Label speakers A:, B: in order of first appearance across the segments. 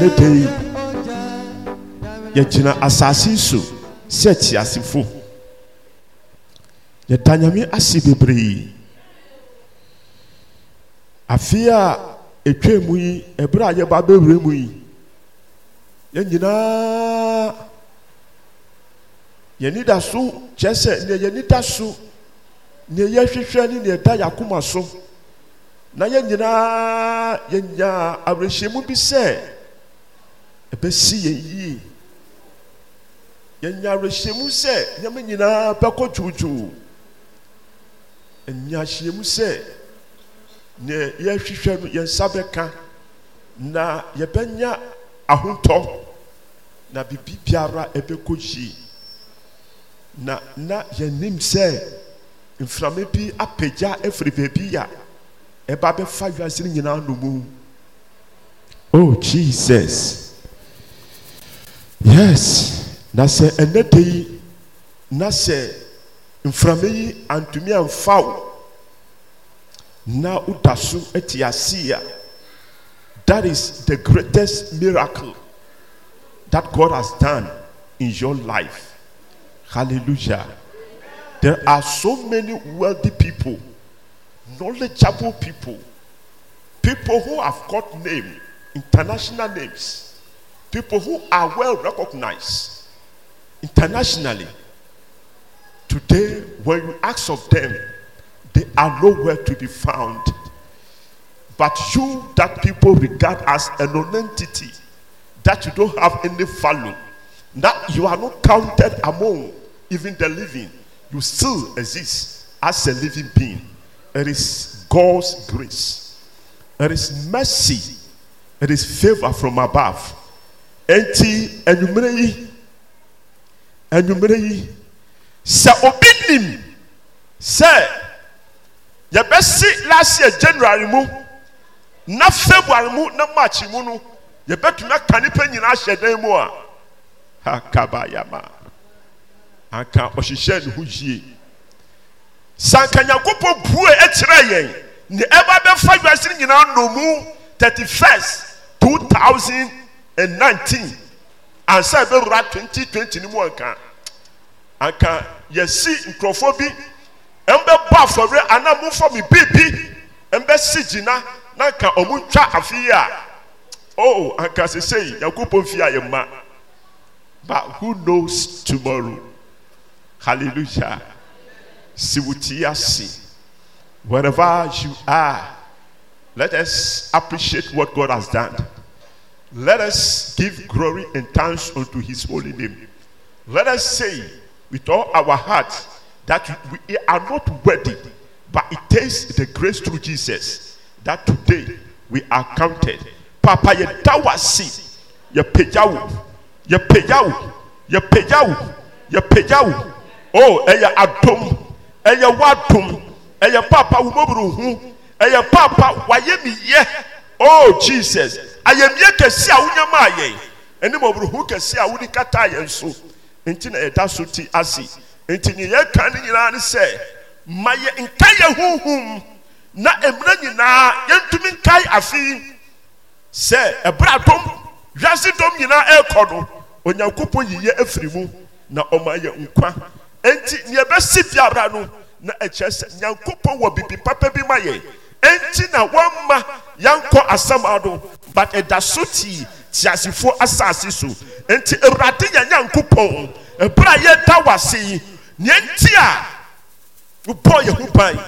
A: nɛdai yɛgyina asase so sɛ te asefo yɛda nyame ase bebree afei a ɛtwa mu yi ɛbrɛ a yɛbaa bɛbre mu yi yɛ nyinaa yɛnida so kyrɛsɛ neɛ yɛnida so neɛyi hwehwɛ ne neɛda yɛakoma so na yɛ nyinaa yɛnya awerɛhyemu bi sɛ ɛbɛsi yɛn yie yɛnya awerɛhyɛmu sɛ nyɛma nyinaa bɛkɔ dwoodwoo ɛnya sɛ nea yɛhwehwɛ no yɛn nsa bɛka na yɛbɛnya ahontɔ na biribi biara ɛbɛkɔ yie na na yɛnim sɛ mframa bi apagya afiri baabi a ɛba bɛfa wiase no nyinaa nomu oh jesus yes na sɛ ɛnɛ da yi na sɛ mframa yi antumi amfa na so ase a that is the greatest miracle that God has done in your life hallelujah there are so many wealthy people knowledgeable people people who have got name international names people who are well recognized internationally. Today, when you ask of them, they are nowhere to be found. But you, that people regard as a nonentity, that you don't have any value, that you are not counted among even the living, you still exist as a living being. It is God's grace, it is mercy, it is favor from above nti anwummerɛ yi anwummerɛ yi sɛ obi nim sɛ yɛbɛsi last year january mu na february mu na march mu no yɛbɛtumi aka nipa nyinaa ahyɛ dan mu a akabayama anka ɔhyehyɛ ne ho yie sanka nyankopɔn bue kyerɛ yɛn ne ɛba bɛfa wiase nyinaa nnomu thirty first two thousand 19 ansa ɛbɛwura 2020 no mu anka anka yɛsi nkurɔfoɔ bi ɛmbɛbɔ afɔre anaa mi me biribi ɛmbɛsi gyina na anka ɔmo ntwa afe yi a oh anka sesei nyankopɔn fie a yɛmma but who knows tomorrow hallelujah si wo ti ase wherever you are let us appreciate what god has done let us give glory and thanks unto his holy name. Let us say with all our hearts, that we are not worthy, but it takes the grace through Jesus that today we are counted. Papa, ye dawasi, ye pejawu, ye pejawu, ye pejawu, ye pejawu. Oh, eya adum, eya wadum, eya papa umobruhu, eya papa wayemi ye. oh jesus ayɛmie kɛse a wonyama ayɛ ɛnim ɔborohu kɛse a wodi kata ayɛ nso nti na ɛda so te ase nti ne yɛka ne nyinaa ne sɛ ma yɛ nka yɛ honhom na mmira nyinaa yɛntumi nkae afei sɛ ɛberɛ atɔm wiase dɔm nyinaa ɛrekɔ no onyankopɔn yiyɛ afiri mu na ɔma yɛ nkwa enti neɛ bɛsi biara no na ɛkyerɛ sɛ nyankopɔn wɔ bibi papa bi ma yɛ enti na wɔmma yɛnkɔ asɛm ado but ɛda so tii tiasifo asase so nti awurade yɛn nyankopɔn ɛberɛ a yɛda wase yi nea nti a wobɔ yɛn ho ban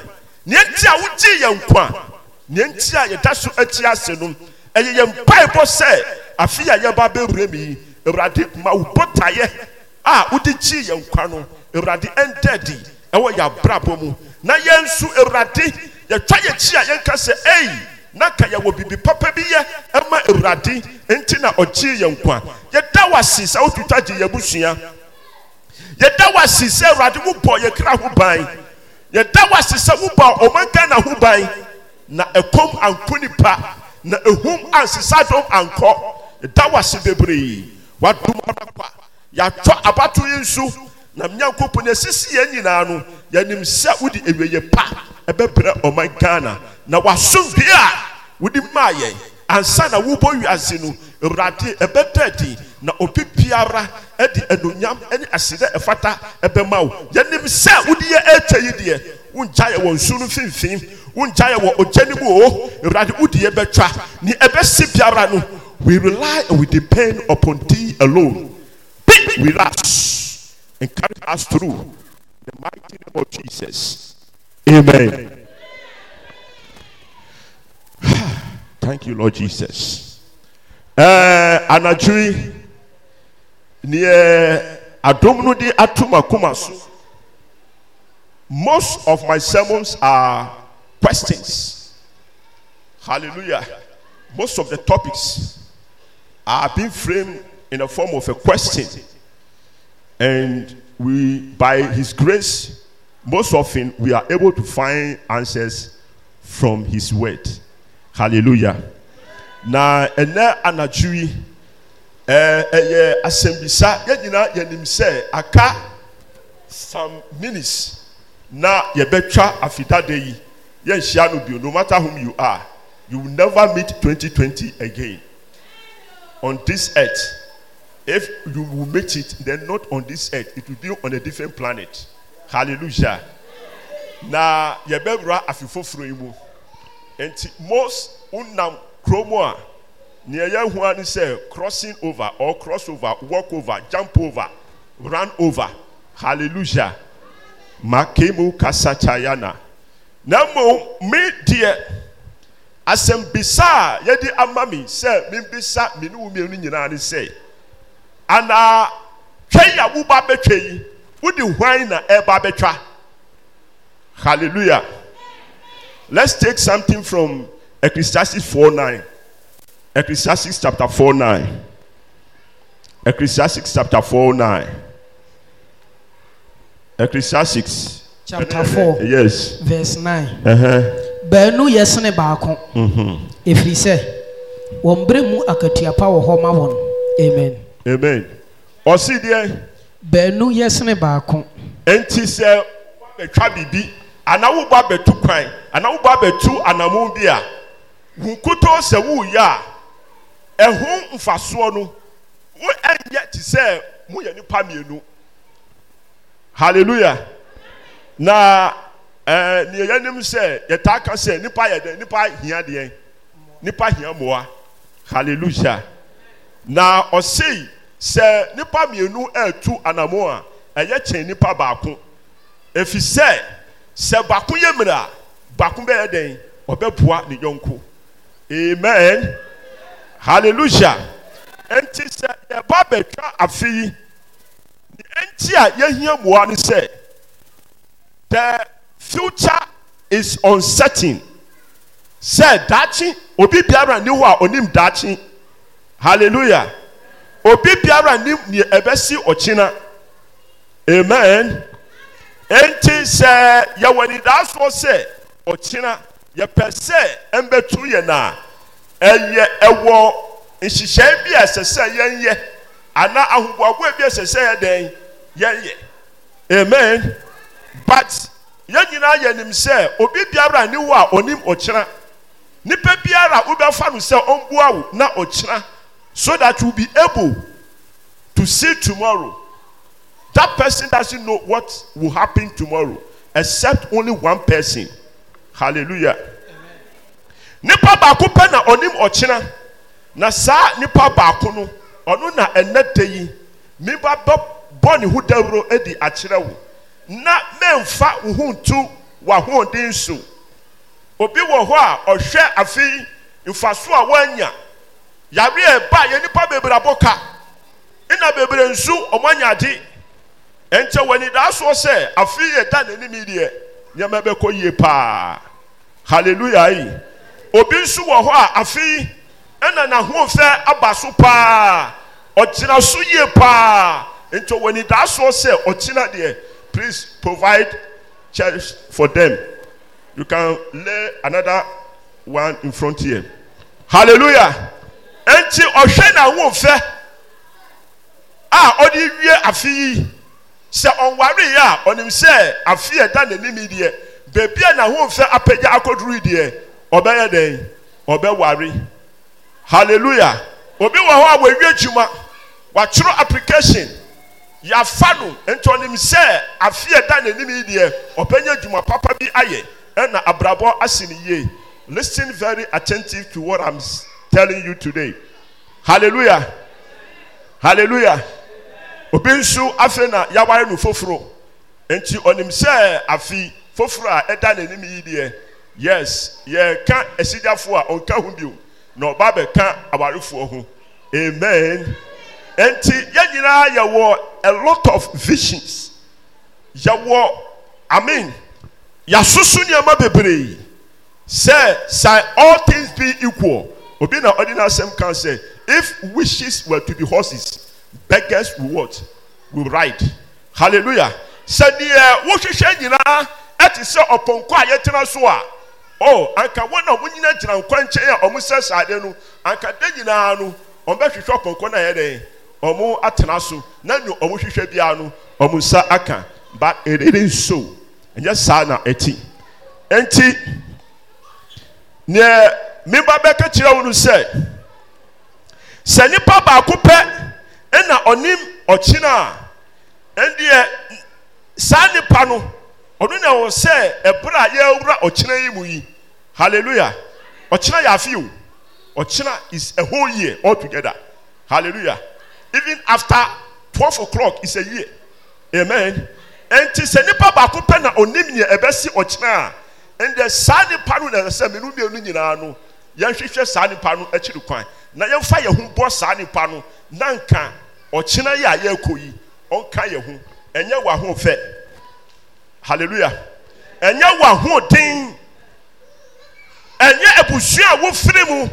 A: nea nti a wogye yɛn nkwa nea nti a yɛda so akyi ase no ɛyɛ yɛn mpaebɔ sɛ afi a yɛba bɛwura mu awurade ma wo botaeɛ a wode gye yɛn nkwa no awurade ɛndɛdi ɛwɔ yɛn abrabɔ mu na yɛn nso awurade yɛtwa yɛkyi a yɛnka sɛ ei na ka yɛwɔ bibi papa bi yɛ ɛma awurade nti na ɔgye yɛn nkwa yɛda wa si sɛ wotuta gye yɛ busua yɛda wa si sɛ awurade wobɔ yɛ kra ho ban yɛda wa si sɛ wobɔ ɔmanka na ho ban na ɛkɔm anko nipa na ehum ansesa dɔm ankɔ yɛda wa si bebree wadum ɔbɛkwa yɛatɔ abato yi nso na mmeankopɔ na esisi yɛn nyinaa no yɛnim sɛ wode awieeɛ pa ɛbɛbrɛ ɔman ghana na ansa na wobɔ wiase no awurade na obi biara ɛfata ɛbɛma wo yɛnim sɛ yɛ yi deɛ wɔ nsu no wɔ ogya no mu o awurade yɛ bɛtwa ne ɛbɛsi biara no we rely and we depend upon thee alone be with us and carry us through the mighty name of jesus amen. amen. Thank you, Lord Jesus. Eh, Anajui ni Adomnu di Atuma Kumasu. Most of my sermons are questions. Hallelujah. Most of the topics are being framed in the form of a question. And we, by His grace, most often we are able to find answers from His word. hallelujah na ɛnɛ anadwo yi ɛɛ ɛyɛ asɛmbisa yɛn nyinaa yɛnim sɛ aka some minutes na yɛbɛtwa afidade yi yɛnhyia no bio no matter whom you are you will never meet 2020 again on this earth if you will meet it then not on this earth it will be on a different planet hallelujah na yɛbɛwura afi foforɔ yi mu. nt most wonam kuro mu a neɛyɛ ho a ne sɛ crossing over ɔr crossover workover jump over run over halleluja makei mu kasacha yana na mmo me deɛ asɛm bisa a yɛde ama me sɛ membisa mene wo mieno nyinaa ne sɛ anaa twɛ i a woba bɛtwa yi wode hwan na ɛba bɛtwa halleluja Let's take something from Ecclesiastes 4 9. Ecclesiastes chapter 4 9. Ecclesiastes chapter 4 9. Ecclesiastes chapter eh, eh, 4. Yes.
B: Verse 9. Uh uh-huh. Baanu yɛ sene baako.
A: Ɛfiri
B: mm-hmm. sɛ, wɔn bere mu akatuapa wɔ hɔ ma wɔn. Amen. Amen. Ɔsi deɛ. Baanu yɛ sene baako.
A: Enti sɛ wɔabɛtwa bibi. anaa woba abɛtu kwan anaa woba abɛtu anamu bi a wo nkutoo sɛ woreyɛ a ɛho mfasoɔ no wo ɛnyɛ te sɛ moyɛ nnipa mmienu halleluya na neɛ yɛnim sɛ yɛtaa ka sɛ nnipa yɛ dɛn nnipa hia deɛn nnipa hia mmoa halleluya na ɔsei sɛ nnipa mmienu atu anamu a ɛyɛ kyɛn nnipa baako ɛfiri sɛ sɛ baako yɛ mmerɛ a baako bɛyɛ dɛn ɔbɛboa ne yɔnko amen hallelujah nti sɛ yɛba bɛtwa afe yi ne nti a yɛhia mmoa no sɛ the future is uncertain sɛ daakye obi biara ni hɔ a onim daakye hallelujah obi biara nim nea ɛbɛsi ɔkyena amen. enti sɛ yɛwɔ nidaasoɔ sɛ ɔkyena yɛpɛ sɛ ɛmbɛtu yɛn a ɛyɛ ɛwɔ nhyehyɛe bi a ɛsɛ sɛ yɛnyɛ anaa ahoboaboa bi a ɛsɛ sɛ yɛdɛn yɛnyɛ amen but yɛn nyinaa yɛnim sɛ obi biara ni wo a ɔnim ɔkyena nipa biara a wobɛfa no sɛ ɔmbua wo na ɔkyena so that you be able to see tomorrow That person doesn't know what will happen tomorrow, except only one person. Hallelujah. Nipa baako pɛ na ɔnim ɔkyena na saa nipa baako no ɔno na ɛnɛ da yi miba bɔ ne ho dawuro adi akyerɛ wo na mmɛnfa wo ho ntu w'ahoɔden so obi wɔ hɔ a ɔhwɛ afei mfaso a wɔanya yare a ɛba yɛ nipa bebree abɔ ka ɛna bebree nso ɔmo anya ade. ɛnkyɛ wɔnidasoɔ sɛ afei yɛda n'anim deɛ nneɛma bɛkɔ yie paa hallelujah yi obi nso wɔ hɔ a afei ɛna n'ahoɔfɛ aba so paa ɔkyena so yie paa nti wɔnidasoɔ sɛ ɔkyena deɛ please provide church for them you can lay another one in front here hallelujah ɛnti ɔhwɛ n'ahoɔfɛ a ɔde wie afei yi. sɛ ɔnware a ɔnim sɛ afe a ɛda n'anim deɛ beebi a n'ahomfɛ apagya akɔduru deɛ ɔbɛyɛ wari ɔbɛware hallelujah obi wɔ hɔ a wɔawie dwuma wɔatwerɛ application yɛafa no nti ɔnim sɛ afe a ɛda n'anim deɛ ɔbɛnya dwuma papa bi ayɛ ɛna abrabɔ asi ne yie listen very attentive to what i'm telling you today hallelujah hallelujah. obi nso afei na yɛaware no foforo ɛnti ɔnim sɛ afii foforo a ɛda nenim yibiɛ yes yɛ ka asidyafoɔ a ɔnka ho bio na ɔba bɛka awarefoɔ ho amen ɛnti yɛ nyinaa yɛwɔ a lot of visions yɛwɔ i men yɛsoso nneɛma bebree sɛ sai all things bi equal obi na ɔde nasɛm kan sɛ if wishes were to be horses beggars will what will ride hallelujah sɛ deɛ wohwehwɛ nyinaa ɛte sɛ ɔpɔnkɔ a yɛtena so a uh, oh anka wɔn a wɔn nyinaa gyina nkwankyɛn a wɔn sɛ saade no anka da nyinaa no wɔn bɛhwehwɛ ɔpɔnkɔ na yɛ dɛ wɔn atena so na nea wɔn hwehwɛ biara no wɔn aka but it isn't so ɛnyɛ na eti enti neɛ mimba bɛka kyerɛ wɔn sɛ sɛ baako pɛ. ɛna ɔnim ɔkyena a ɛndeɛ saa nnipa no ɔno na ɛwɔ sɛ ɛberɛ a yɛawura ɔkyena yi mu yi hallelujah ɔkyena yɛ afe o ɔkyena is a whole year all together. hallelujah even after twelve o'clock is a year amen ɛnti sɛ nnipa baako pɛ na ɔnim nea ɛbɛsi ɔkyena a ɛndeɛ saa nnipa no na ɛsɛ mmienu mmienu nyinaa no yɛnhwehwɛ saa nnipa no akyiri kwan na yɛmfa yɛn ho bɔ saa nnipa no nanka ɔkyena yɛ a yɛrekɔ yi ɔnka yɛ ho ɛnyɛ w'aho fɛ hallelujah ɛnyɛ w'aho den ɛnyɛ abusua a wofiri mu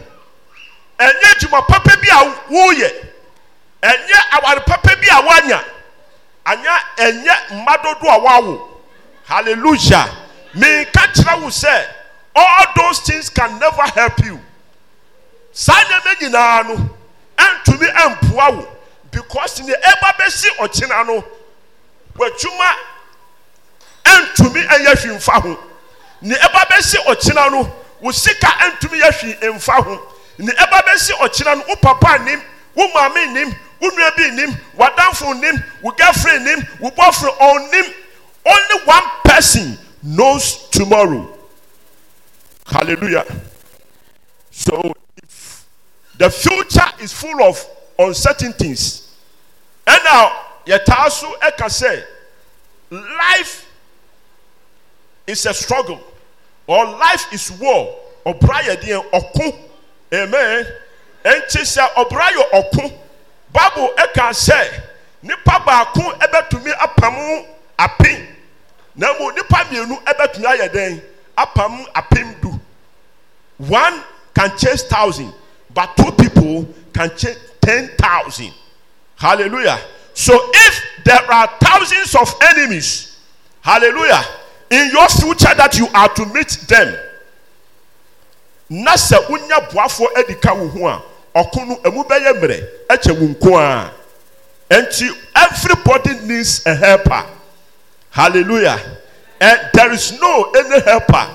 A: ɛnyɛ adwuma papa bi a woyɛ ɛnyɛ awari papa bi a wanya anya ɛnyɛ mma dodoɔ a wawo hallelujah mìíràn kyerɛ wo sɛ all those things can never help you saa nneɛma nyinaa no ɛntumi ɛmpoa wo. because ne ɛba bɛsi ɔkyena no w'atwuma ɛntumi ɛyɛ hwi mfa ho ne ɛba bɛsi ɔkyena no wo sika ɛntumi yɛ hwi mfa ho ne ɛba bɛsi ɔkyena no wo papa nim wo maame nim wo nua bi nim w'adanfo nim wo girlfriend nim wo boyfriend ɔnim only one person knows tomorrow hallelujah so if the future is full of on certain things And now, so ɛka say life is a struggle or life is war ɔbra yɛ deɛ ɔko amen ɛnkye sɛ ɔbra yɛ ɔko bible ɛka sɛ nipa baako ɛbɛtumi apam apem na mu nipa mmienu ɛbɛtumi ayɛ den apam apem du one can chase thousand but two people can chase 10,000. Hallelujah. So if there are thousands of enemies, hallelujah, in your future that you are to meet them, na unya wonya edika adi ka wo mre eche ɔko And everybody needs a helper hallelujah and there is no any helper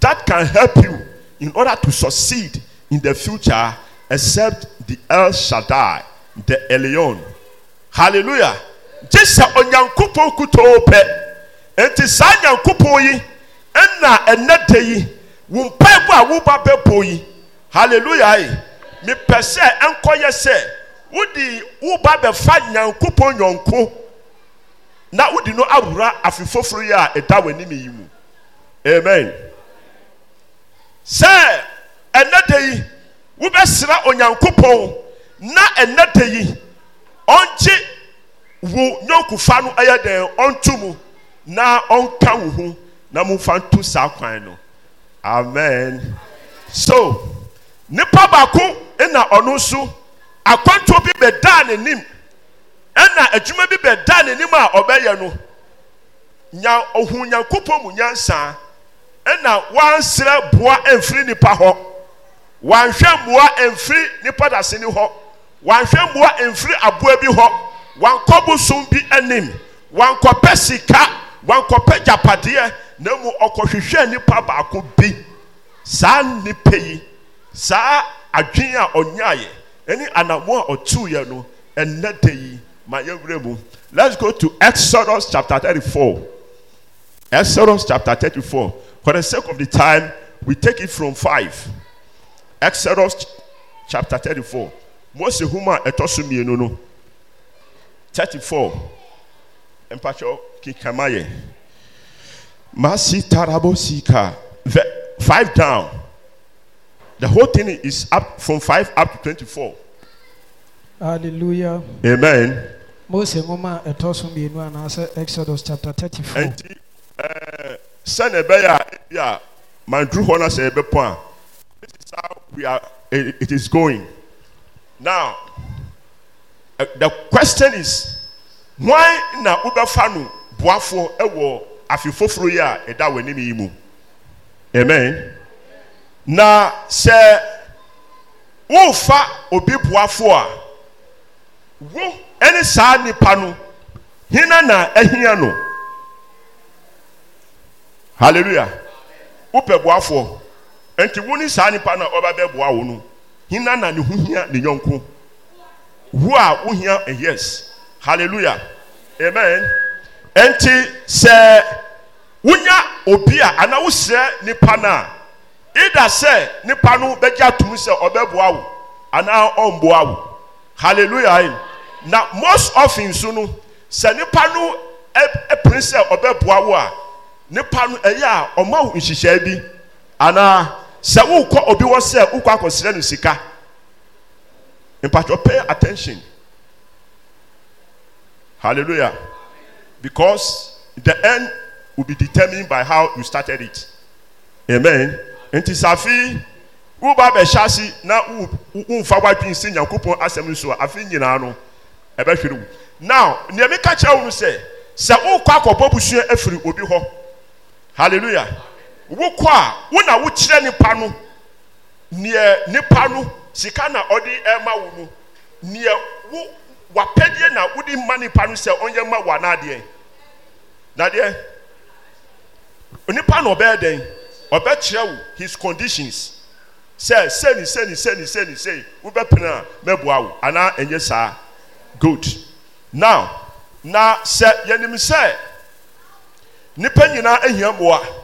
A: that can help you in order to succeed in the future except the elshadai the elion halleluya ntye sɛ onyankopɔn kutoo pɛ enti saa nyankopɔn yi nna ɛnnɛ de yi wo mpai bo a worba bɛbo yi halleluyae mepɛ sɛ ɛnkɔ yɛ sɛ wodi worba bɛfa nyankopɔn yɔnko na wodi no awora afi foforo yi a ɛda w'anim yi mu amen sɛ ɛnɛdyi wobɛsra onyankopɔn na ɛnɛ da yi ɔngye wo nnwonkufa no ɛyɛ dɛn ɔnto mu na ɔnka wo ho na momfa nto saa kwan no amen so nnipa baako na ɔno nso akwantoɔ bi bɛdaa n'anim ɛna adwuma bi bɛdaa n'anim a ɔbɛyɛ no nya ɔhu nyankopɔn mu nyansaa ɛna wansrɛ boa mfiri nnipa hɔ wanhwɛ mmoa mfiri nipa dase ni hɔ wanhwɛ mmoa mfiri aboa bi hɔ wankɔ bosom bi anim wankɔpɛ sika wankɔpɛ gyapadeɛ na mu ɔkɔhwehwɛ nipa baako bi saa nipa yi saa Eni a ɔnyaayɛ ɛne anamoa a ɔtuuyɛ no ɛnɛ yi ma mu let's go to exodus chapter thirty-four exodus chapter thirty-four for the sake of the time we take it from five. exodus chapter thirty four mose homa ɛtɔ so mmienu no thirty four mpatsɔ kikama yɛ masi tarabo sika five down the whole thing is up from five up to twenty-four.
B: hallelujah.
A: amen.
B: mose nwoma ɛtɔ so mmienu anaasɛ exodus chapter thirty-four. ɛnti
A: ɛɛ sɛnɛ bɛyɛ a ebi a manduru hɔ na sɛ ɛbɛ a. how we are, it is going. Now, eh, the question is, why na ubefanu no boafo ewo afifoforo yi a ɛda wɔ yi mu? Amen. Na sɛ wofa obi boafo a wo ɛne saa nipa no hena na ɛhia no hallelujah wopɛ nti wo saa nipa a wo no na ne ho hia ne yɔnko wo a eh, yes hallelujah amen nti sɛ wonya obi a anaa wosrɛ nipa a ida sɛ nipa no bɛgye atom sɛ ɔbɛboa wo ana ɔmboa wo hallelujah na most often so no sɛ nipa no ɛpere sɛ wo a nipa no ɛyɛ a ɔma sɛ wokɔ obi wɔ sɛ wokɔ akɔsrɛ no sika mpatwɔ pay attention hallelujah because the end will be determined by how you started it amen nti safi woba bɛhyɛ ase na womfa wadwen si nyankopɔn asɛm no so a afe nyinaa no ɛbɛhwere wo now nea meka kyerɛ wo no sɛ sɛ wokɔ akɔbɔ busua afiri obi hɔ hallelujah wokɔ a wo na wokyerɛ nipa no neɛ nipa no sika na ɔde ɛma wo no neɛ wo wapɛdeɛ na wode ma nipa no sɛ ɔnyɛ ma wo anaadeɛ nadeɛ nipa na ɔbɛyɛ dɛn ɔbɛkyerɛ wo his conditions sɛ sɛni sɛni sɛni sɛni sɛni wobɛpene a mɛboa wo anaa ɛnyɛ saa good now na sɛ yɛnim sɛ nipa nyinaa ahia mmoa.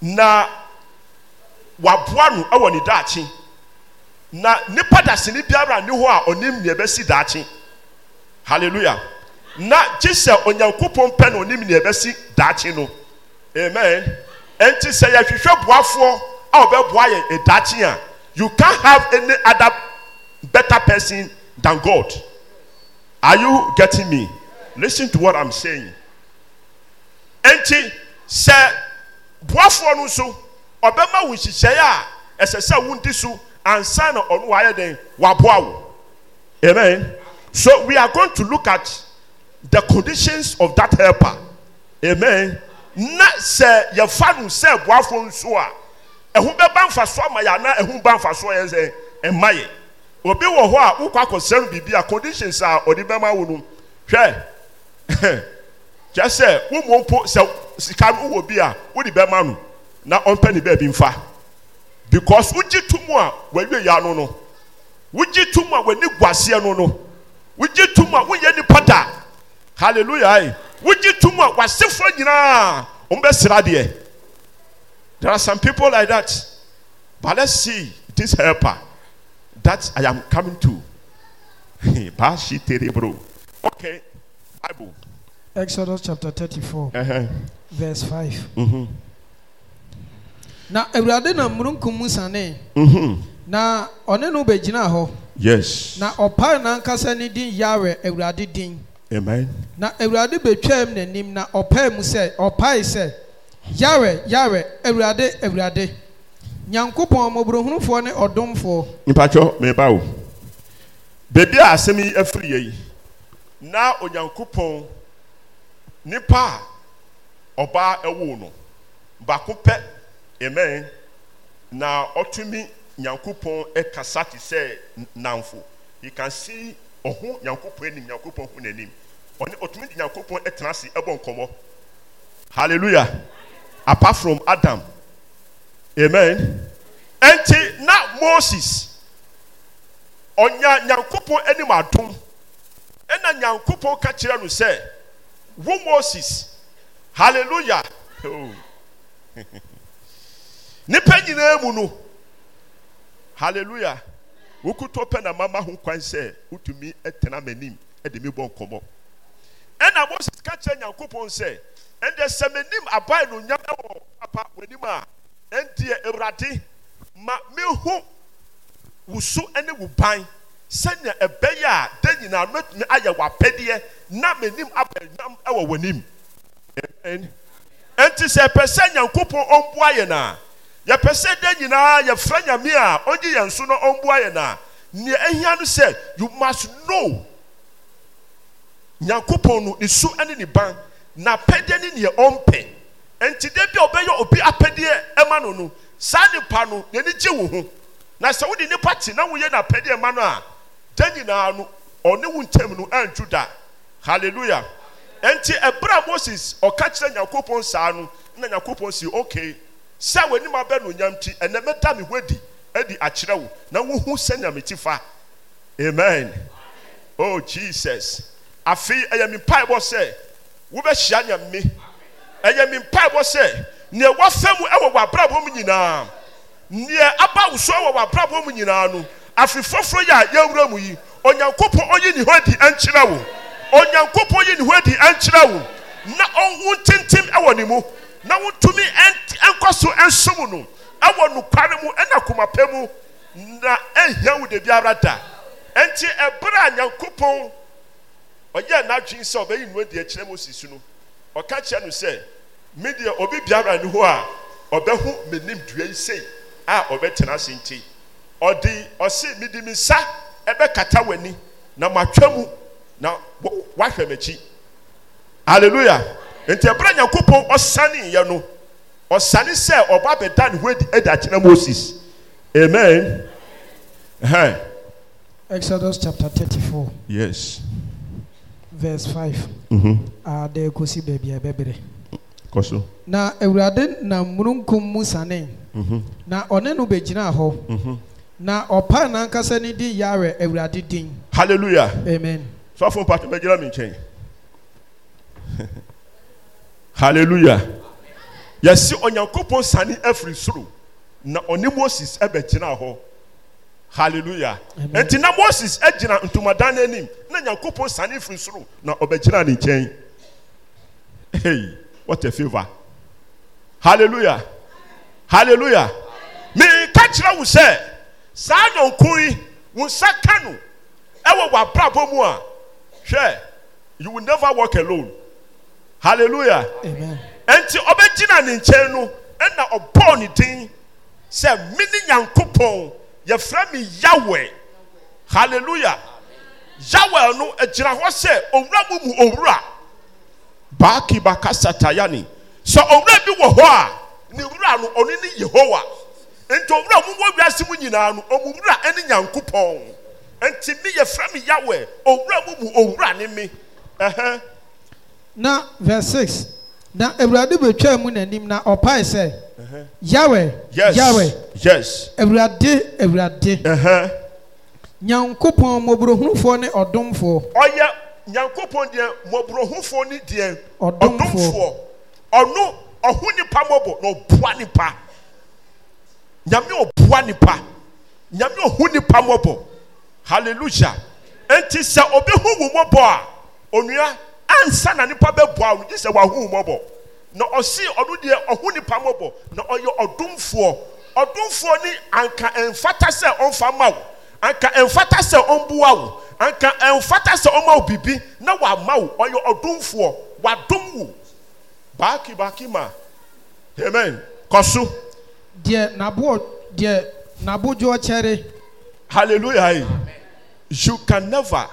A: na waboa no wɔ ne daakye na nipa dasene biara ne hɔ a ɔnim nea ɛbɛsi daakye hallelujah na gye sɛ onyankopɔn pɛ na ɔnim nea ɛbɛsi daakye no amen ɛnti sɛ yɛhwehwɛ boafoɔ a ɔbɛboa yɛ daakye a you can't have any other better person than God are you getting me listen to what I'm saying ɛnti sɛ. ɔboafoɔ no nso ɔbɛma wo nhyehyɛeɛ a ɛsɛ sɛ wondi so ansa na ɔno wayɛ den waboa wo amen so we are going to look at the conditions of that helper amen na sɛ yɛfa no sɛ boafoɔ nso a ɛho bɛba mfasoɔ ama yɛ anaa ɛho ba mfasoɔ yɛ sɛ ɛma yɛ obi wɔ hɔ a wokɔ akɔsɛ no biribi a conditions a ɔde bɛma wo no hwɛ kyeɛ sɛ womo mpo sɛ sika no wowɔ bi a wode bɛma no na ɔmpɛ ne bɛabi mfa because wogyi tomu a wawe ya no no wogyi to mu a wani guaseɛ no no wogyi to mu a woyɛ nipa da halleluya wogye tomu a woaseforɔ nyinaa ɔmbɛsra adeɛ tere ar som people like that but let se this helper that i am coming to basyi trebrb
B: Exodus chapter 34, uh-huh. verse 5. mm mm-hmm. Na Awurade na mmurunkum mm-hmm. Na ɔne hɔ.
A: Yes.
B: Na ɔpae n'ankasa ne din Ewurade din. Amen. Na Awurade n'anim na ɔpae mu sɛ ɔpae sɛ Yahweh Yahweh Awurade Awurade. Nyankopɔn
A: ne Beebi a asɛm yi afiri yɛ yi na nipa a ɔbaa ɛwoo no baako pɛ amen na ɔtumi nyankopɔn ɛkasa te sɛ namfo you can see ɔho nyankopɔn anim nyankopɔn ho n'anim ɔne ɔtumi de nyankopɔn ɛtena ase ɛbɔ nkɔmɔ hallelujah apart from adam amen ɛnti na moses ɔnya nyankopɔn anim adom ɛna nyankopɔn ka kyerɛ no sɛ. Who Moses? Hallelujah. Nipa nyinaa mu no. Hallelujah. Wokuto pɛ na mama ho kwan sɛ wotumi tena m'anim de me bɔ nkɔmmɔ. Ɛna Moses ka kyerɛ Nyankopɔn sɛ, ɛndɛ sɛ m'anim abae no nyam wɔ papa w'anim a, ɛnteɛ Awurade ma mehu wo so ne wo ban. sɛnea ɛbɛyɛ a da nyinaa mɛtumi ayɛ w'apɛdeɛ na m'anim abɛnam ɛwɔ w'anim ɛnti sɛ ɛpɛ sɛ nyankopɔn ɔmboa yɛn a yɛpɛ sɛ da nyinaa yɛfrɛ nyame a ɔgye yɛn so no ɔmboa yɛn a nea ɛhia no sɛ you must know nyankopɔn no ne su ne ne ban na apɛdeɛ ne neɛ ɔmpɛ ɛnti da bi a ɔbɛyɛ obi apɛdeɛ ɛma no no saa nipa no n'ani gye wo ho na sɛ wode nipa te na woyɛ n'apɛdeɛ ma no a da nyinaa no ɔne wo ntam no antwu da halleluya ɛnti ɛberɛ a moses ɔka kyerɛ nyankopɔn saa no na nyankopɔn si okay sɛ w'anim abɛ no onyam nti ɛnɛ mɛda me ho adi adi akyerɛ wo na wohu sɛnea meti fa amen oh jesus afei ɛyɛ me mpaebɔ sɛ wobɛhyia nyame ɛyɛ me mpaebɔ sɛ neɛ wɔafa mu ɛwɔ w'abrabɔ mu nyinaa neɛ aba wo so ɛwɔ w'abrabɔ mu nyinaa no afe foforɔ yɛ a yawura mu yi onyankopɔn onye ne ho adi nkyerɛ wo onyankopɔn yi ne ho adi nkyerɛ wo na ɔwo ntentem wɔ ne mu na wotumi nkɔ so nsom no ɛwɔ nokware mu ɛna koma pɛ mu na ɛnhia wo da biara da ɛnti ɛberɛ a nyankopɔn ɔyɛɛ n'adwene sɛ ɔbɛyi nua deɛ kyerɛ moses so no ɔka kyerɛ no sɛ medeɛ obi biara ne hɔ a ɔbɛho menim dua yi sei a ɔbɛtena ase nti ɔde ɔsi midi mi nsa kata w'ani na matwa mu na wahwɛ m'akyi hallelujah nti ɛbrɛ nyankopɔn ɔsane yɛ no ɔsane sɛ ɔba bɛda ne ho adi moses amen ɛhɛn.
B: exodus chapter thirty-four. yes. verse five. Mm-hmm. ade ah, kosi a ɛbɛbrɛ. kɔ na ewurade mm-hmm. na mununkum mu na ɔne no bɛgyina hɔ. Mm-hmm. na ɔpa n'ankasa
A: ne din yare awurade din. hallelujah amen. sɔfún pàtó bɛ gyina mi nkyɛn hallelujah yɛsi ɔnyankopɔn sani efiri soro na ɔne moses ɛbɛgyina hɔ hallelujah ɛnti na moses ɛgyina ntomadan n'anim na nyankopɔn sani efiri soro na ɔbɛgyina ne nkyɛn hey what a favour hallelujah hallelujah mi ka kyerɛ saa nɔnko yi wo nsa ka no ɛwɔ w'abrabɔ mu a hwɛ you will never walk alone hallelujah ɛnti ɔbɛgyina ne nkyɛn no ɛna ɔbɔɔ ne din sɛ me ne nyankopɔn yɛfrɛ me yawɛ hallelujah yawɛ no agyina hɔ sɛ owura mu mu owura baaki bakasatayani sɛ owura bi wɔ hɔ a ne wura no ne yehowa nti owura mu wɔ wiase mu nyinaa no ɔmu wura ɛne nyankopɔn nti mi yɛfrɛ mi yawɛ owura mu mu owura ne mi
B: na verse six na awurade bɛtwa mu n'anim na ɔpae sɛ yawɛ yawɛ yes awurade awurade
A: nyankopɔn mmɔborɔhunufoɔ ne ɔdomfoɔ. ɔyɛ nyankopɔn deɛ mmɔborɔhunufoɔ ne deɛ ɔdomfoɔ ɔno ɔho nipa mɔbɔ na ɔboa nipa nyame ɔboa nipa nyame ɔhu nipa mmɔbɔ hallelujah enti sɛ obi hu wo mmɔbɔ a onua ansa na nipa bɛ boa wo gye sɛ wahu wo mmɔbɔ na ɔsi ɔno deɛ ɔhu nipa mmɔbɔ na ɔyɛ ɔdomfoɔ ɔdomfoɔ ni anka ɛnfata sɛ ɔnfa ma wo anka ɛnfata sɛ ɔnboa wo anka ɛnfata sɛ ɔma wo bibi na wama wo ɔyɛ ɔdomfoɔ wadom wo baaki baaki ma amen kɔ hallelujah you can never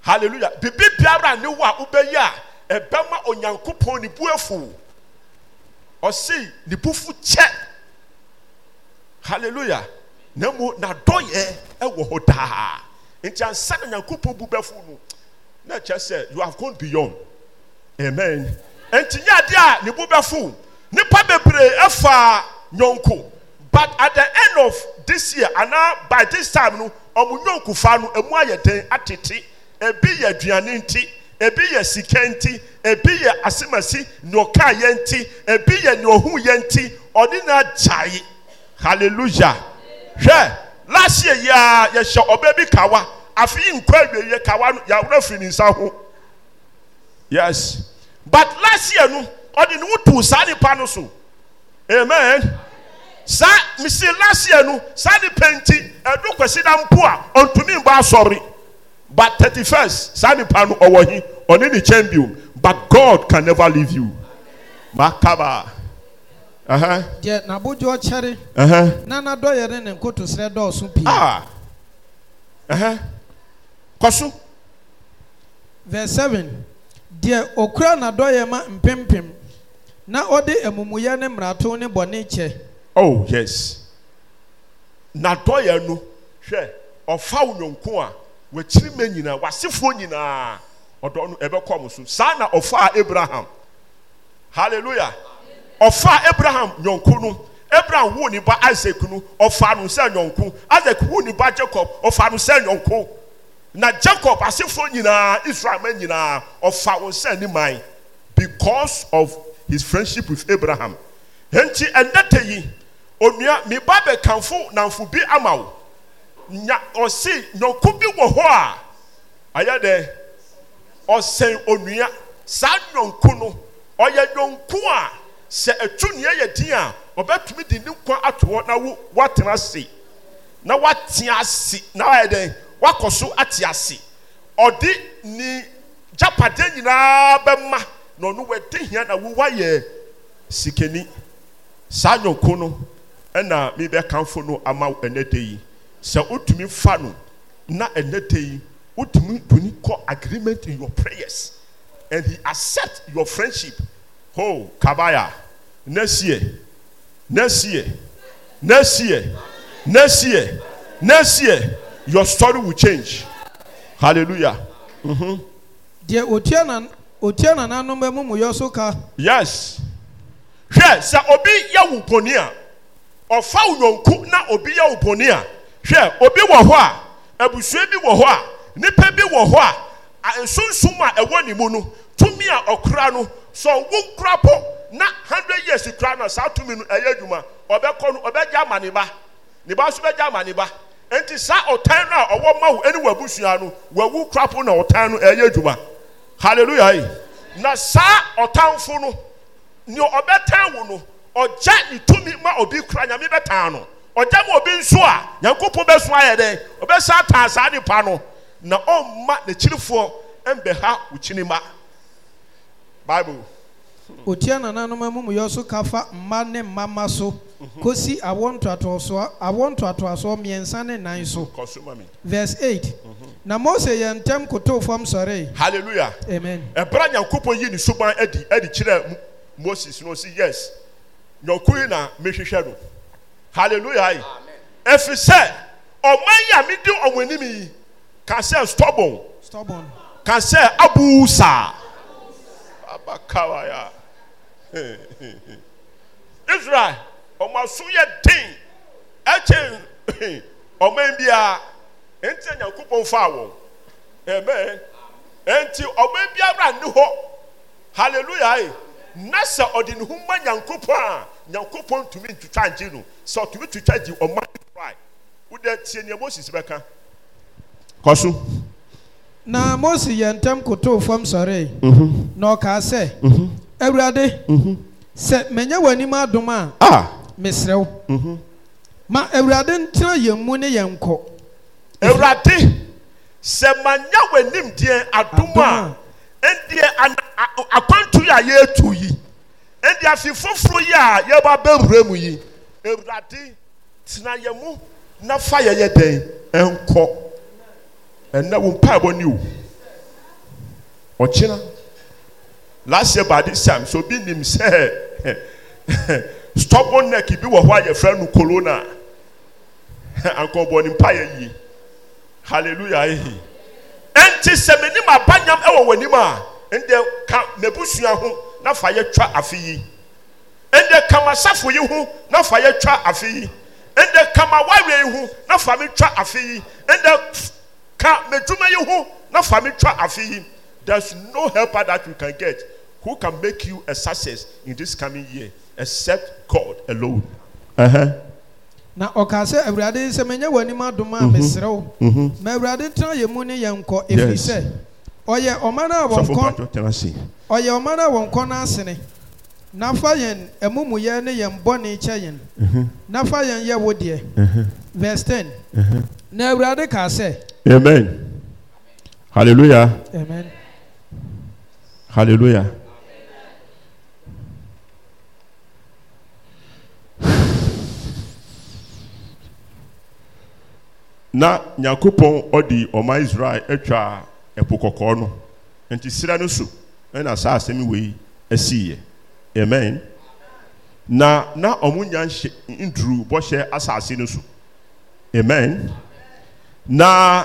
A: hallelujah bibi biara ne wo a wobɛyi a ɛbɛma onyankopɔn ne bu afu ɔse ne bufu kyɛ hallelujah na mmom n'adɔyɛ e ɛwɔ hɔ daa nti ansa na nyankopɔn bu bɛfu no na kyerɛ sɛ you have gone beyond amen nti ya dia a bu bɛfu nipa bebree ɛfa nyɔnko but at the end of this year ana by this time no ɔmo nyɔnko fa no emu ayɛ den atete ebi yɛ aduane nti ebi yɛ sika nti ebi yɛ asemasi nea ɔka yɛ nti ebi yɛ nea yɛ nti ɔde na gyae hallelujah hwɛ last year yia yɛhyɛ ɔbɛ bi kawa afi nkɔ awiewie kawa no yɛaworɔ firi ne ho yes but last year no. ɔde ne ho tu saa nipa no so amen saa misi last year no saa nipa nti ɛdu kwasi da mpo a ɔntumi mbɔ asɔre but thirty first saa nipa no ɔwɔ hi ɔne ne kyɛn bi but god can never leave you makaba.
B: deɛ n'abodwo kyɛre na n'adɔyɛ ne ne nkotosrɛ dɔɔso pii ah. kɔ so verse seven Diẹ okura n'adɔyɛ ma mpempem na ɔde amumuyɛ ne
A: mmarato ne oh yes Na no nu? She. Ofa nyɔnko a w'akyiri mɛ nyinaa w'asefoɔ nyinaa ɔdɔ no ɛbɛkɔ mo so saa na abraham hallelujah Ofa abraham nyɔnko nu. abraham woo ne ba isaac no ɔfa no sɛ nyɔnko isaac ba jacob ɔfa no sɛ nyɔnko na jacob asefoɔ nyinaa israel mɛ nyinaa ɔfa wɔn sɛ ne man because of. his frisip ith abraham henti ɛnɛ tɛ yi onua mebai bɛkamfo namfo bi ama wo ɔse nwɔnko bi wɔ hɔ a ayɛ dɛn ɔsɛn onua saa nnwɔnko no ɔyɛ nwɔnko a sɛ atu neɛ yɛ din a ɔbɛtumi denni kwa atoɔ na wowoatena ase na woatea ase na ayɛ dɛn woakɔ so ate ase ɔde ni gyapadɛ nyinaa bɛma nno wtɛ hia na wo wa yɛ sikɛni saa nwɔko no ɛna mi bɛkamfo no amaw ɛnɛ dɛ yi sɛ wotumi fa no na ɛnɛ dɛ yi wotumi doni kɔ agreement in your prayers and hi accept your friendship ho kabaia na siɛ na siɛ na siɛ na siɛ na siɛ your story will change halleluia mm-hmm. otie nananom amumuyɛ so ka yes hwɛ sɛ obi yɛ wo bɔne a na obi yɛ a hwɛ obi wɔ hɔ a abusua bi wɔ hɔ a nipa bi wɔ hɔ a nsonsom a ɛwɔ ne mu no tumi a no sɛ na 100 years kora no saa tumi no ɛyɛ adwuma ɔbɛkɔ no ɔbɛgya ama ne ba ne ba nso ama ne ba saa ɔtan no a ɔwɔ ma hallelujah yi na saa ɔtanfo no nea ɔbɛtan wo no ɔgya ne ma obi kura nyame bɛtan no ɔgya ma obi nso a nyankopɔn bɛso ayɛ dɛn ɔbɛsa taa saa nipa no na ɔmma n'akyirifoɔ ha ma bible
B: otia nananom amumuyɛ so ka fa mma ne so mhm. ntoatoasoɔ mmiɛnsa ne nan so verse 8 na mose yɛ ntɛm koto fam sɔre. hallelujah
A: amen. ɛbɛrɛ nyankopɔn yi ni suban ɛdi ɛdi kyerɛ moses na ɔsi yes nyɔku yi na mehwehwɛ no hallelujah yi efisɛ ɔman yi a mi di ɔmo anim yi kasɛ stubborn stubborn kasɛ abusa abakawaya israel ɔmo aso yɛ den ɛkyɛn ɔman bi a enti nyankopɔn faa wɔn amen enti ɔbɛn biara nni hɔ hallelujah na sɛ ɔde ne ho ma nyankopɔn a nyankopɔn ntumi ntwitwa ngye no sɛ ɔtumi twitwa gye ɔma ne kora wodɛ tie nea moses bɛka
B: kɔ so na mose yɛ ntɛm kotow fam sɔre mhm. na ɔkaa sɛ mhm. awurade mhm. sɛ manya w'anim adom a ah. mesrɛ wo ma awurade ntena yɛn mu ne yɛn kɔ
A: awurade sɛ manya w'animdeɛ adom a ɛndeɛ akwantu yi a yɛretu yi ɛndeɛ afi foforɔ yi a yɛba bɛwura mu yi awurade tena yɛn mu na fa yɛyɛ dɛn ɛnkɔ ɛnna wo mpaebɔ ni o ɔkyena last year by this so bi nim sɛ stubborn neck bi wɔ hɔ a yɛfrɛ no corona ankɔbɔ ne mpaeɛ yie. hallelujah ehi ɛnti sɛ m'anim aba nyam ɛwɔ w'anim a ndɛ ka n'abusua ho na fa yɛtwa afe yi ndɛ kama safo yi ho na fa yɛtwa afe yi ndɛ kama wawe yi ho na fa mi twa afe yi ndɛ ka m'adwuma yi ho na fa mi twa afe yi there is no helper that you can get who can make you a success in this coming year except God alone. Uh-huh.
B: na ɔka sɛ awurade sɛ menyɛ w'anim adom a mhm. mesrɛ wo ma mhm. awurade tena yɛ mu ne yɛn nkɔ ɛfiri sɛ ɔyɛ ɔman a wɔn kɔn ɔyɛ ɔman a wɔn kɔn asene nafa yɛn amumuyɛ ne yɛn bɔne kyɛ yɛn mhm. nafa yɛn yɛ wo deɛ verse ten na awurade kaa sɛ.
A: amen hallelujah amen hallelujah. na nyankopɔn ɔde ɔma israel atwa ɛpo kɔkɔɔ no nti sira no so ɛna saa asɛm wei asiiɛ amen na na ɔmo nya nhyɛ nduru bɔhyɛ asase no so amen na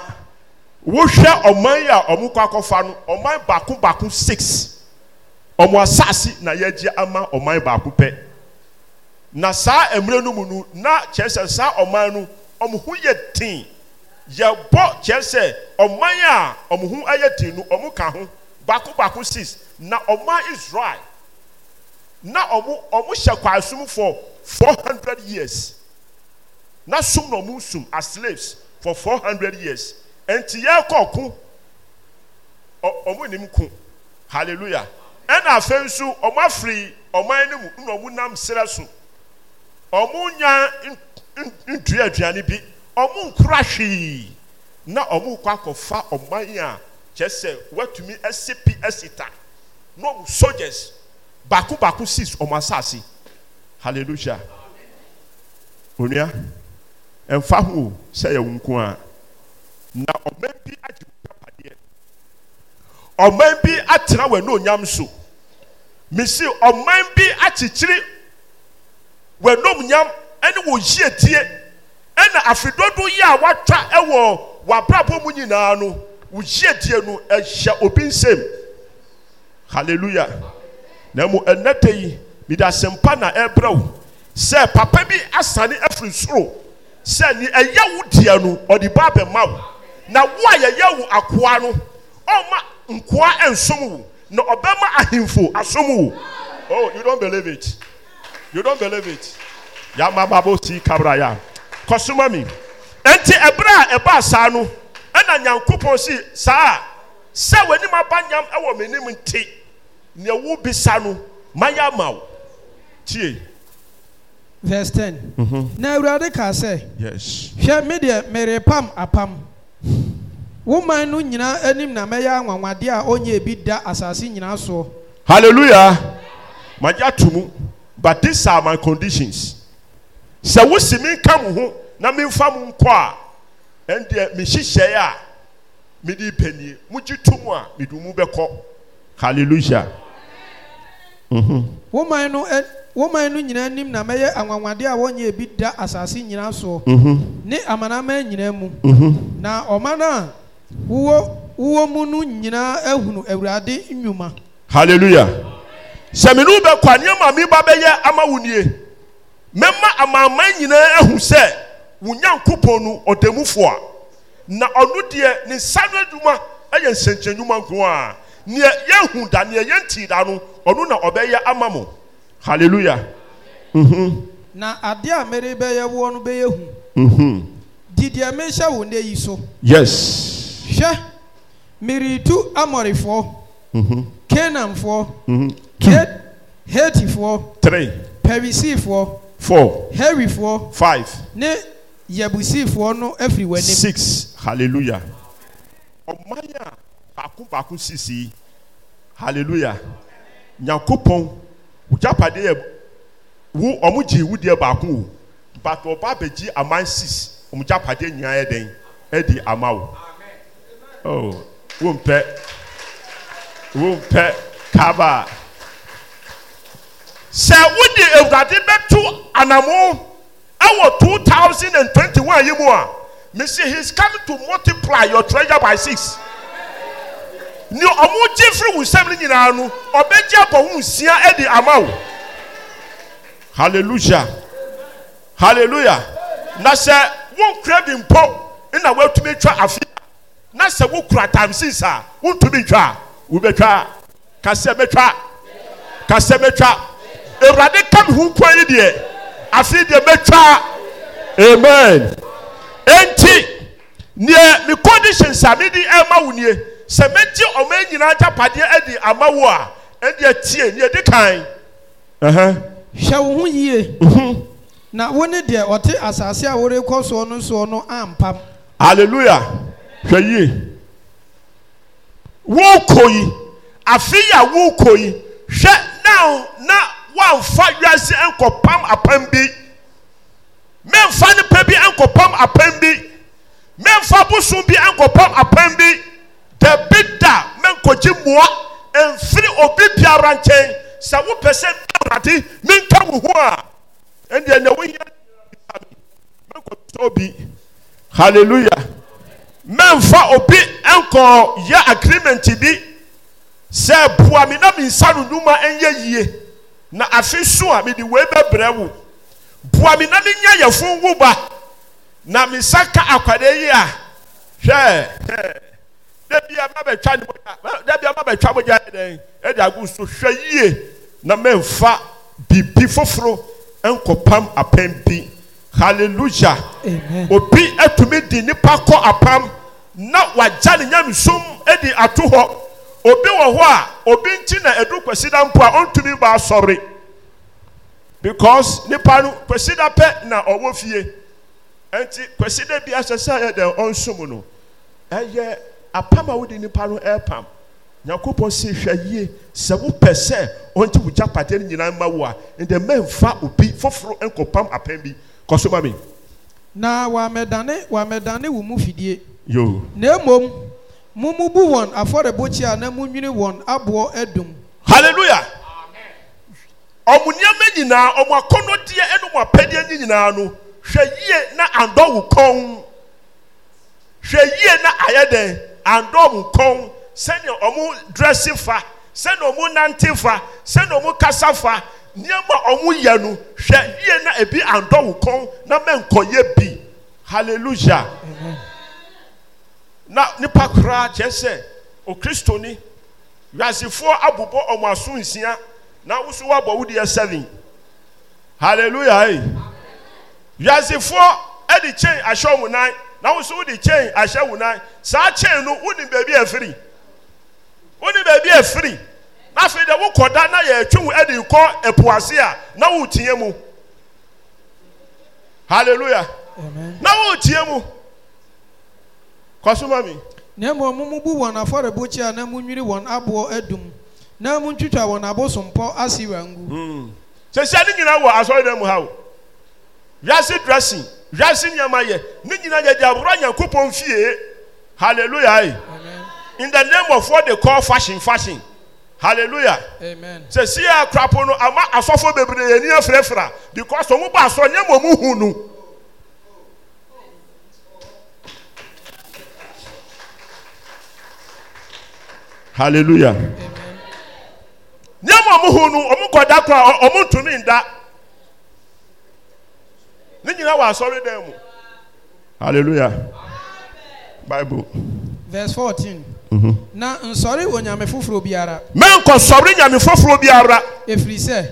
A: wohwɛ ɔman yi a ɔmo kɔ akɔfa no ɔman baako baako six ɔmo asase na yɛgye ama ɔman baako pɛ na saa mmerɛ no mu no na kyerɛ sɛ saa ɔman no ɔmo ho yɛ den. yɛbɔ kyerɛ sɛ ɔman a ɔmo ho ayɛ ti no ɔmo ka ho baako baako sis na ɔman israel na ɔmo ɔmo hyɛ kwasom for four hundred years na som na ɔmo som as slaves for four hundred years nti yɛrekɔ ko ɔmo nim ko hallelujah ɛna afei nso ɔmo afiri ɔman no mu na ɔmo nam serɛ so ɔmo nya ntua aduane bi. ɔmo nkura hwee na ɔmo kɔ akɔfa ɔman a kyerɛ sɛ watumi ɛsi pi ɛsi ta na ɔmo soldiers baako baako sis ɔmo asaase hallelujah onua ɛnfa ho sɛ yɛ wo nko a na ɔman bi agye wo papadeɛ ɔman bi atena wɔ ɛna onyam so mesi ɔman bi akyekyere wɔ ɛna onyam ɛne wɔ yie die. ɛna afedodo yi a watwa ɛwɔ w'abrabɔ mu nyinaa no wo yiedie no ɛhyɛ obi nsam hallelujah na mu ɛnɛ yi mede asɛmpa na ɛrebrɛ sɛ papa bi asane afiri soro sɛ ne ɛyɛ wo deɛ no ɔde ba abɛma wo na wo a yɛyɛ wo akoa no ɔma nkoa ɛnsom wo na ɔbɛma ahemfo asom wo oh you don't believe it you don't believe it yamababo si kabra ya. kɔsoma mi nti ɛbrɛ a ɛbaa saa no ɛna nyankopɔn si saa sɛ w'anim aba nyam ɛwɔ m'anim nti nea wobisa no mayɛ ama wo tie
B: verse ten. Mhm. na awurade kaa sɛ
A: hwɛ
B: me deɛ merepam apam wo no nyinaa anim na mɛyɛ anwanwadeɛ a ɔnyɛ bi da
A: asase nyinaa soɔ hallelujah magye ato mu but these are my conditions sɛ wosi mi nka mo na mi nfa mo nkɔ a ɛndeɛ mi hyehyɛ a mi di panie mo gye to mu a mi di mu hallelujah. Mm-hmm. woman no woman no nyinaa nim
B: na mɛyɛ anwanwade a wɔnyɛ ebi da asase nyinaa soɔ
A: mm-hmm.
B: ne amanaman nyinaa mu mm-hmm. na ɔman a wowɔ wowɔ mu no nyinaa ahunu awurade
A: nnwuma. hallelujah a mi ba ama mɛma amanaman nyinaa ahu sɛ wo nyankopɔn no ɔdamufoɔ a na ɔno deɛ ne nsa no adwuma ɛyɛ nsɛnkyɛn nnwuma nko a neɛ yɛhu da neɛ yɛntii da no ɔno na ɔbɛyɛ ama mo halleluya mhm.
B: na adeɛ a merebɛyɛ woɔ no bɛyɛ hu mhm. di
A: deɛ mehyɛ wo nnɛ yi so yes
B: hwɛ meretu amɔrefoɔ mhm. kanaanfoɔ hetifoɔ perisifoɔ
A: four. herifoɔ. five.
B: ne yebusifoɔ no efiri wɔn six
A: hallelujah. ɔman baako baako sisi hallelujah. nyankopɔn wòjápàdé yɛ wo ɔmo gye iwu deɛ baako o but ɔba abɛgye aman six ɔmo jápàdé nyinaa yɛ dɛn ɛdi ama o. oh wɔmpɛ wɔmpɛ kaba sɛ wode awurade bɛto anamo ɛwɔ 2021 yi mu a mesi he's coming to multiply your treasure by six ni ɔmo gye firi wo nsɛm no nyinaa no ɔbɛgye abɔ wo nsia adi ama wo hallelujah hallelujah na sɛ wonkura bi mpo na woatumi atwa afe na sɛ wokura time six a wontumi ntwa a wobɛtwa kasɛ mɛtwa kasɛ mɛtwa awurade ka me ho nkwa yi deɛ afei deɛ mɛtwa amen enti neɛ me conditions a di ɛma wo nie sɛ mɛgye ɔma nyinaa agyapadeɛ adi ama wo a ɛde atie neɛ di kan hwɛ wo ho yie
B: na wo ne deɛ ɔte asase a worekɔ soɔ no soɔ no ampam
A: halleluya hwɛ yie wokɔ yi afei a wokɔ yi hwɛ now na ɛmfa uase ɛnkɔpam apam bi mâmfa nipɛ bi ɛnkɔpam apam bi mâmfa bosom bi ɛnkɔpam apam bi dɛbida mɛnkɔgyi moa nfire obi biara nkyɛn sɛ wopɛsɛ nawrate menka wo ho a ɛndeɛnɛwoiɛ mɛnɔsɔ bi aleluya mɛmfa obi ɛnkɔyɛ agreement bi sɛ boa mi naminsa nonuma ɛnyɛ yie na afe so a mede wei bɛbrɛ wo boa me na me nyɛ ayɛfo wo ba na mesa ka akwade yi a hwɛ aa bia mabɛtwa mɔgyaɛ dɛn ade ago so hwɛ yie na memfa bibi foforo nkɔpam apan bi halleluja obi atumi di nnipa kɔ apam na wagya ne nyamesom ɛdi ato hɔ obi wɔ hɔ a obi nti na edu kwasida mpo a ɔntumi ba asɔre because nipa no kwasida pɛ na ɔwɔ fie nti kwasida bi ahyɛ sɛ ɛyɛ dɛ ɔnsom no ɛyɛ apam a wodi nipa no ɛɛpam nyakopɔn si hwɛ yie sɛ wopɛ sɛ ɔnti wo gyapadeɛ no nyinaa ma wo a ndɛ mɛnfa obi foforɔ nkɔpam apam bi kɔsoma mi. na wàmɛdane wàmɛdane wò mu fidie. yoo
B: na emom mumubu wɔn afɔrebɔkyi a na munwini wɔn aboɔ
A: adum. hallelujah ɔmo nneɛma nyinaa ɔmo akɔnɔdeɛ ɛne ɔmo apɛdeɛ ne nyinaa no hwɛ yie na andɔ wo kɔn hwɛ yie na ayɛ dɛ andɔ wo kɔn sɛnea ɔmo drɛsi fa sɛnea ɔmo nante fa sɛnea ɔmo kasa fa nneɛma ɔmo yɛ no hwɛ yie na ebi andɔ wo kɔn na mɛ nkɔyɛ bi hallelujah. Amen. na nipa koraa kyerɛ sɛ ni wiasefoɔ abobɔ ɔmo aso nsia na woso wabɔ wo deɛ seven hallelujah ee wiasefoɔ ɛde kyɛn ahyɛ ɔmo nan na woso wode kyɛn ahyɛ wo nan saa kyɛn no wonim beebi efiri wonim beebi efiri na afei deɛ wokɔda na yɛatwe wo ɛde kɔ ɛpoase a na woretie mu hallelujah na woretie mu.
B: kɔsoma ne na mmom mumubu wɔn afɔrebukyia na munyiri wɔn aboɔ adum
A: na muntwitwa wɔn abosompɔ asiwa ngu. Hmm. sɛsia ne nyinaa wɔ asɔredan mu ha o wiase dressing wiase nneɛma yɛ ne nyinaa yɛ de aburo nyankopɔn fie hallelujah in the name of what they call fashion fashion hallelujah sɛsia kurapo no ama asɔfo bebree yɛ ni efirafira because wɔn ba asɔ nneɛma wɔn hu no. hallelujah nneɛma ɔmo hu no ɔmo kɔ da kora ɔmo ntumi nda ne nyinaa wɔ asɔre dan mu hallelujah
B: bible verse fourteen. Mm-hmm. na nsɔre onyame foforɔ biara. menkɔ sɔre nyame foforɔ biara. efiri sɛ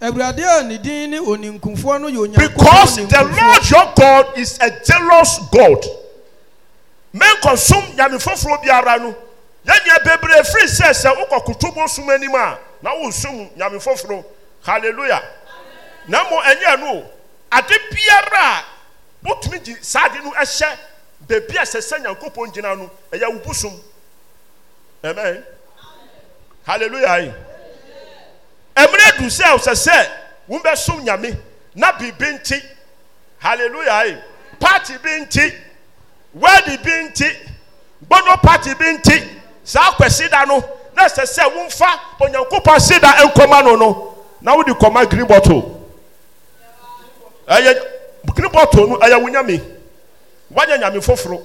B: awurade a ne din ne
A: oninkunfoɔ no yɛ onyankunfoɔ oninkunfoɔ. because the lord your god is a jealous god menkɔ som nyame foforɔ biara no. yɛnyɛ bebree firi sɛ sɛ wokɔkoto bɔ som anim a na wonsom nyame foforo halleluya na mmom ɛnyɛ no ade biara a wotumi gye saa ade ɛhyɛ baabi a sɛ sɛ nyankopɔn gyina no ɛyɛ wo bosom amen Hallelujah. yi ɛmmerɛ adu sɛ wo sɛ sɛ wombɛsom nyame na biribi nti Hallelujah. yi party bi nti wɛdi bi nti gbɔdɔ party bi nti. saa sida no na ɛsɛ sɛ womfa onyankopɔn sida nkɔma no no na wode kɔma green bottle ɛyɛ green bottle no ɛyɛ wo nyame woanyɛ nyame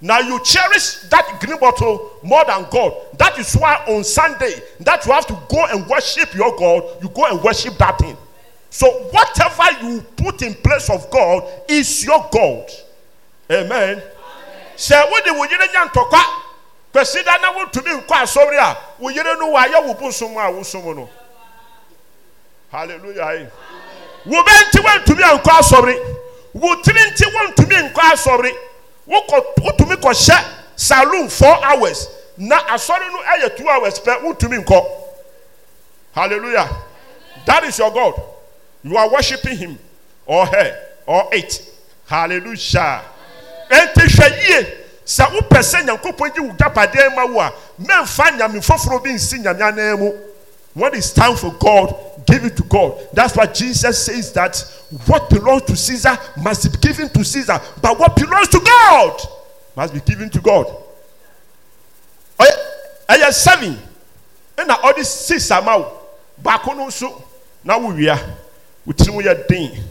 A: now you cherish that green bottle more than God. That is why on Sunday that you have to go and worship your God, you go and worship that thing. So whatever you put in place of God is your God. Amen. Say what you kwasi da na wotumi nkɔ asɔre a wo yere no wayɛ wo bosom a wosom no hallelujah wo bɛ nti wontumi ankɔ asɔre wo tiri nti wontumi nkɔ asɔre wotumi kɔhyɛ saloon four hours na asɔre no ɛyɛ two hours pɛ wotumi nkɔ hallelujah that is your god you are worshiping him or her or it hallelujah ɛnti sɛ wopɛ sɛ nyankopɔn yi wo gapadeɛ ma wo a mɛmfa nyame foforɔ bi nsi nyame anan mu what is time for god give it to god that's why jesus says that what belongs to caesar must be given to caesar but what belongs to god must be given to god ɛyɛ seven ɛna ɔde six ama wo baako no nso na wowia wo tirim yɛ den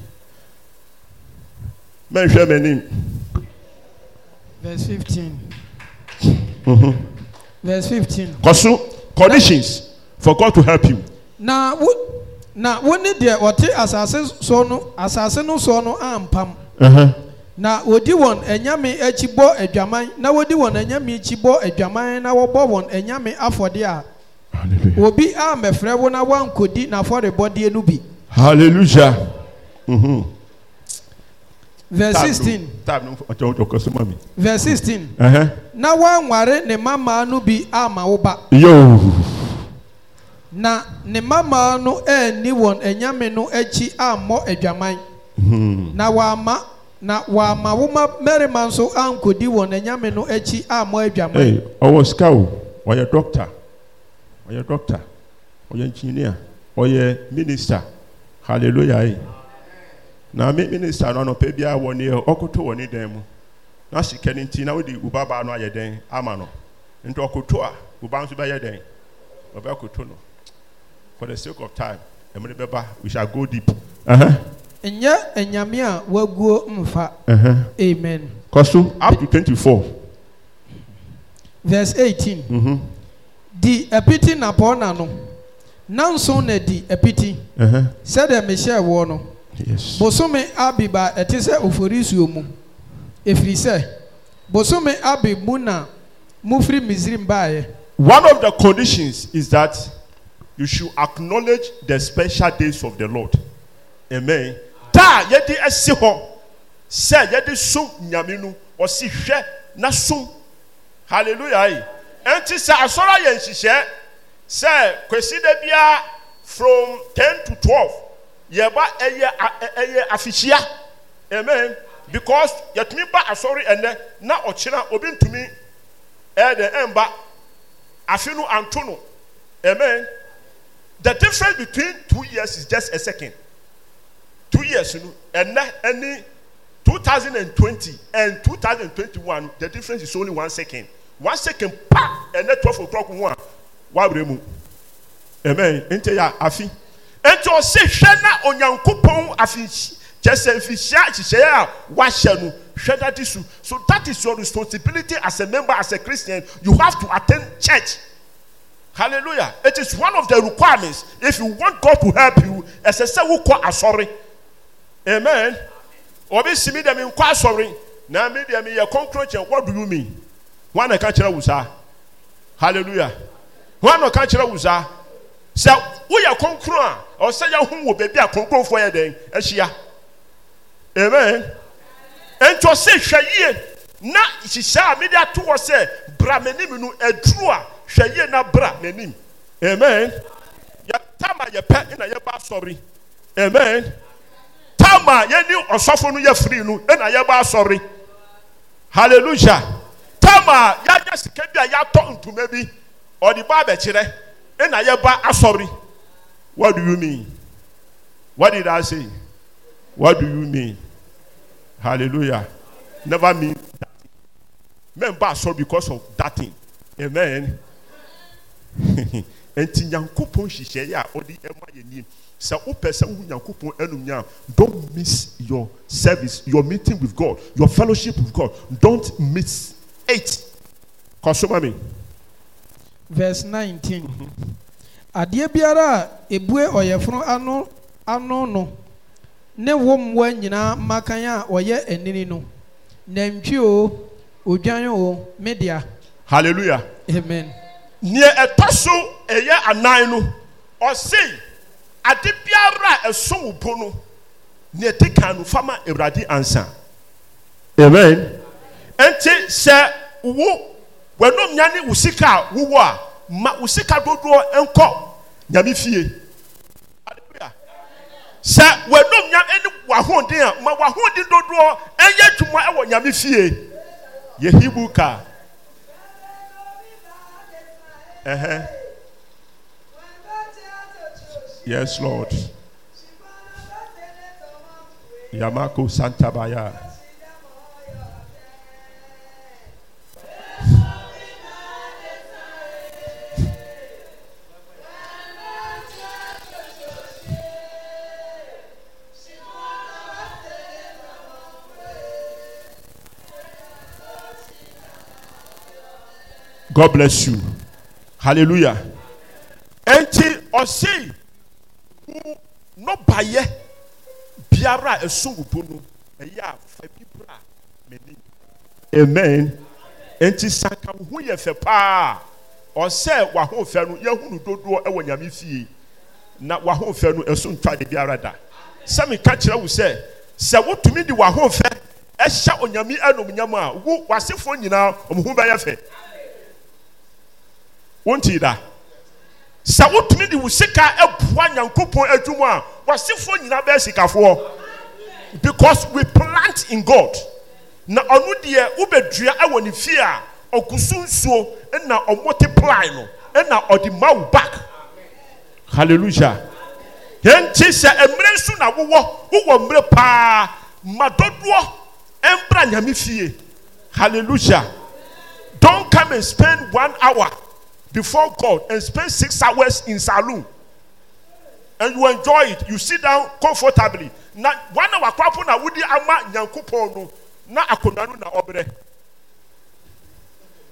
A: mɛnhwɛ m'anim
B: Verse 15. Mm-hmm. Verse 15.
A: Kọsu conditions for God to help you.
B: Na wo na wo ni deɛ ɔte asase soɔ no asase no soɔ no ampam. Mm-hmm. Na wodi wɔn enyame akyi bɔ adwaman na wodi wɔn enyame akyi bɔ adwaman na wɔbɔ wɔn enyame afɔde a. Obi a mɛfrɛ wo na wankodi n'afɔrebɔdeɛ no bi.
A: Hallelujah. Mm-hmm.
B: verse sixteen. verse sixteen. na wanware ne mama no bi ama ọba. yoo. na ne mama no ɛɛni wɔn ɛnyame no akyi ammɔ adwaman. Hmm. na wama na wama woma mmarima nso ankodi wɔn ɛnyame no akyi ammɔ adwaman.
A: ɔwɔ sika o ɔyɛ dɔkta ɔyɛ dɔkta ɔyɛ engineer ɔyɛ minister hallelujah. Hey. na me minista no anɔpɛ biara wɔ ne ɔkoto wɔ ne dan mu na sika no nti na wode wo no ayɛ dɛn ama no nti ɔkoto a wo ba nso bɛyɛ dɛn ɔbɛkoto no for the sake of time ɛmene bɛba we shall go deep ɛnyɛ anyame a waguo mfa amen kɔ so up to 24
B: verse 18 mm-hmm. di -hmm. di apiti na pɔɔna no nanso na di apiti sɛdeɛ mehyɛɛ woɔ no Yes. Bosome abiba ba ɛte sɛ ofori suo mu. Efiri sɛ
A: bosome abi mu na mufiri Misrim baayɛ. One of the conditions is that you should acknowledge the special days of the Lord. Amen. Da yɛde ɛsi hɔ sɛ yɛde som nyame no ɔsi hwɛ na som hallelujah yi. Ɛnti sɛ asɔrɔ yɛ nhyehyɛ sɛ kwesi de bia from ten to twelve yɛba ɛyɛ ɛyɛ afihyia amen because yɛtumi ba asɔre ɛnɛ na ɔkyena obi ntumi ɛɛdɛ ɛnba afi no anto no amen the difference between two years is just a second two years no ɛnɛ ɛni two thousand and twenty and two thousand and twenty-one the difference is only one second one second pa ɛnɛ twelve o'clock one wa abirɛ mu amen n tɛ yà afi nti ɔsi hwɛ na onyankopɔn afi kyerɛsɛ nfihyia nhyehyɛeɛ a wahyɛ no hwɛ that issue so that is your responsibility as a member as a christian you have to attend church hallelujah it is one of the requirements if you want god to help you ɛsɛ sɛ wokɔ asori. amen obi si mi dɛm nkɔ asɔre na mi dɛm yɛ what do you mean wɔn na ka kyerɛ wusa hallelujah wɔn na ka kyerɛ wusa sɛ woyɛ kɔnkɔn a. ɔɔ sɛ yɛho wɔ baabi a konkɔnfoɔ yɛdɛn ahyia amen ntɛɔse hwɛyie na hyisaa a mede atohɔ sɛ bra m'anim no aduru a hwɛ yie na bra m'anim amn tama yɛpɛ na yɛba asɔre amen tama a yɛdi ɔsɔfo no yɛ firi no na yɛba asɔbre halleluja tama a yɛagya sika bi a yɛatɔ ntoma bi ɔde baabɛkyerɛ na yɛba asɔre What do you mean? What did I say? What do you mean? Hallelujah. Never mean that. Men so because of that thing. Amen. Enti nyankopon hyehyɛ yɛ a ɔde ɛma yɛ nim sɛ wopɛ sɛ wohu nyankopɔn anum don't miss your service your meeting with god your fellowship with god don't miss it kɔsoma me
B: verse 19 mm -hmm. adeɛ biara a ebue ɔyɛforo ano ano no ne wɔm wa nyinaa mmakan a ɔyɛ anini no nantwi o
A: odwan o media. hallelujah. amen. nea ɛtɔ so ɛyɛ anan no ɔse ade biara a ɛso wo bo no nea ɛte kan no fama awurade ansa. amen. nti sɛ wo wɔnum nya ne wo sika a wowɔ a. ma wo sika dodoɔ nkɔ nyame fie sɛ w'anum nyam ne w'ahoɔden a ma w'ahoɔden dodoɔ nyɛ dwuma wɔ nyame fie yɛ hebrew car ɛhɛn yes lord yamako santabaya. god bless you alleluya enti ɔsei h nɔbayɛ biara a ɛso wubo no ɛyɛ a fa bi bra a mani amen nti sanka wo hu yɛ fɛ paaa ɔsɛ wahofɛ no yɛahuno dodoɔ wɔ nyame fie na wahofɛ no ɛso ntwade biara da sɛmeka kyerɛ wo sɛ sɛ wotumi de wahomfɛ ɛhyɛ onyame anomnyam a wu wasefo nyinaa ɔmoho bɛyɛ fɛ Won't you da sɛ wotumi de wo sika aboa nyankopɔn adwuma a wasefoɔ nyinaa bɛyɛ sikafoɔ because we plant in god na ɔno ubedriya, wobɛdua ɛwɔ ne fie a ɔkusu nsuo ɛna multiply, no ɛna ɔde ma wo back hallelujah yɛnkyi sɛ na wuwa. wowɔ mmerɛ paa ma dodoɔ fie hallelujah don't come and spend one hour before God and spend six hours in saloon and you enjoy it, you sit down comfortably. Now, one hour kwapo na wudi ama nyankopon no na akonnwa no na obre.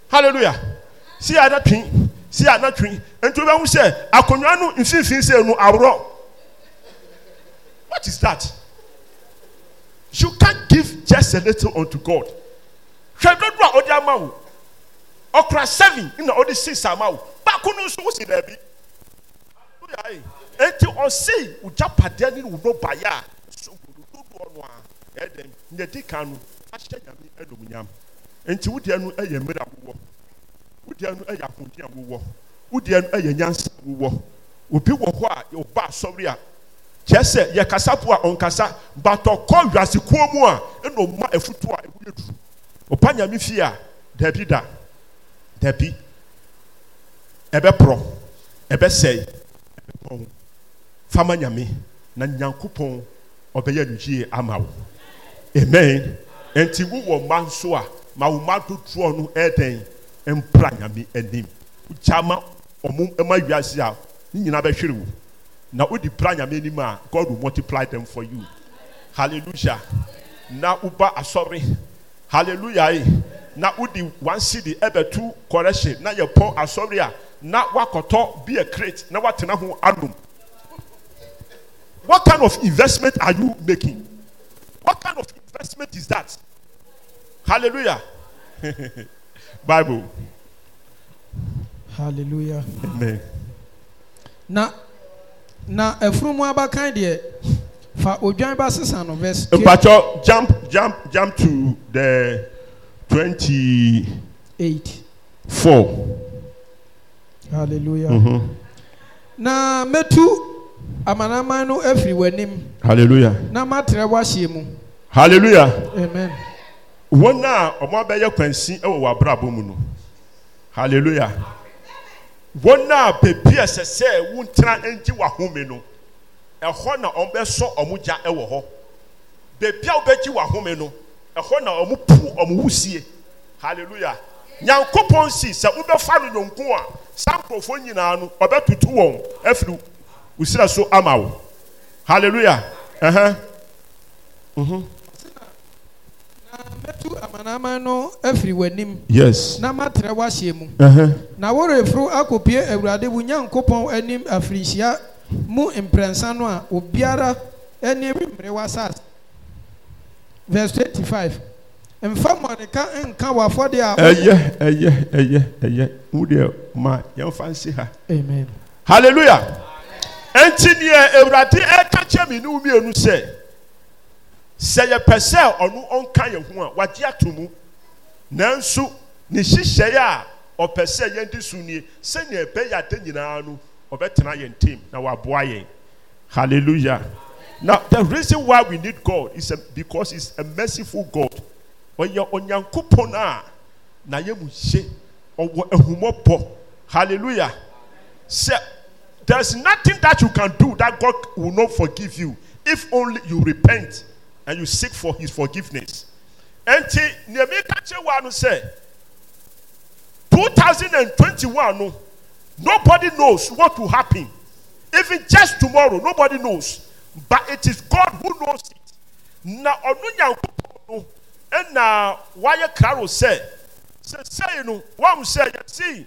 A: Hallelujah. See another thing. see ada twin. Enti we hu say akonnwa no mfimfin say no awro. What is that? You can't give just a little unto God. Hwɛ dodo a ɔde ɔkura seven na ɔde six ama wo baako no nso wosi daabi eti ɔsi ɔgya padeɛ ne wɔn baayɛ a sogoro dodoɔ no a ɛdɛm nyɛ di kan no ahyɛ nyame ɛdɔm nyam nti wodeɛ no ɛyɛ mmerɛ awowɔ wodeɛ no ɛyɛ ahoɔden awowɔ wodeɛ no ɛyɛ nyansa awowɔ obi wɔ hɔ a ɔba asɔre a kyerɛ sɛ yɛkasa po a ɔnkasa batɔ kɔ wiase kuo mu a ɛna ɔma afutuo a ɛho yɛ duru ɔpa nyame fie a daabi da. dabi ɛbɛporɔ ebesei, ɛbɛpɔn fama nyame na nyankopɔn ɔbɛyɛ no yie ama wo amen nti wowɔ mma nso a ma wo mma dodoɔ no ɛdɛn mpra nyame anim wogya ma ɔmo ma wiase a ne nyinaa wo na wodi pra nyame anim a god will multiply them for you hallelujah na woba asɔre hallelujah na wodi one cd ɛbɛtu correction na yɛpɔ asɔre a na wakɔtɔ beer crate na watena ho anum what kind of investment are you making what kind of investment is that hallelujah bible hallelujah amen
B: na na efurumu abakan
A: deɛ fa odwan ba sisan no verse. mpatsɔ jump jump jump to the twenty. eight. four. hallelujah. Mm-hmm.
B: na metu amanaman no afiri w'anim. hallelujah. na matrɛ w'ahyɛ mu.
A: hallelujah. amen. wɔn a wɔn abɛyɛ kwansi wɔ wɔn abrabɔ mu no hallelujah. wɔn a beebi a ɛsɛ sɛ wɔntena ngye w'ahome no ɛhɔ na wɔn bɛsɔ wɔn gya wɔ hɔ beebi a wɔbɛgye w'ahome no ɛhɔ na ɔmo pu ɔmo wusie hallelujah nyankopɔn si sɛ wobɛfa no yɔnko a saa nkurɔfoɔ nyinaa no ɔbɛtutu wɔn afiri wosira so ama wo hallelujah ɛhɛn. Mhm. mɛtu amanaman no afiri w'anim. yes.
B: na matena w'ahyɛ mu. na wɔreforo akɔpie awurade wo nyankopɔn anim afiri nhyia mu mprɛnsa no a obiara ani mmerɛ w'asase verse twenty five mfa mmɔneka nka wafɔde
A: a. ɛyɛ ɛyɛ ɛyɛ ɛyɛ mu deɛ ma yɛn fa nsi ha. amen. hallelujah. ɛnti deɛ ewurade ɛka kyɛ mi ni mmienu sɛ sɛ yɛpɛ sɛ ɔno ɔnka yɛn ho a wagye ato mu nanso ne hyehyɛ a ɔpɛ sɛ yɛn di so nie sɛnea ɛbɛyɛ ade nyinaa no ɔbɛtena yɛn ntam na waboa yɛn hallelujah. Now, the reason why we need God is a, um, because He's a merciful God. onyankopɔn a n'ayɛ mu eh, hallelujah So there is nothing that you can do that God will not forgive you if only you repent and you seek for His forgiveness And nea mi ka kye wa no two thousand and twenty-one no nobody knows what will happen even just tomorrow nobody knows. but it is god who knows it na ɔno nyankopɔn no ɛna wayɛ klaro sɛ sɛ sɛi no wɔn sɛ yɛsi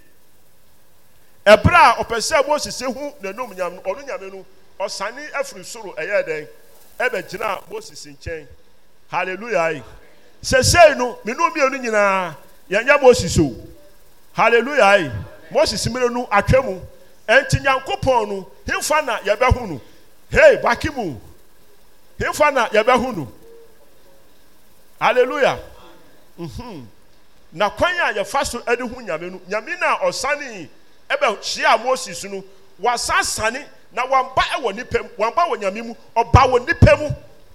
A: ɛbrɛ a ɔpɛ sɛ mose se hu nenum nyam no ɔno nyame no ɔsane afiri soro ɛyɛ dɛn ɛbɛgyina moses nkyɛn hallelujah yi sɛ sɛi no minnu mmienu nyinaa yɛnyɛ moses o hallelujah yi moses mmiri no atwa mu ɛnti nyankopɔn no himfa na yɛbɛho no. hei bakimu himfa mhm. na yɛbɛhu no hallelujah na kwan a yɛfa so de hu nyame no nyame na ɔsane ɛbɛhyia moses no wasa sane na wamba wɔ nipa mu wamba wɔ nyame mu ɔba wɔ nipa mu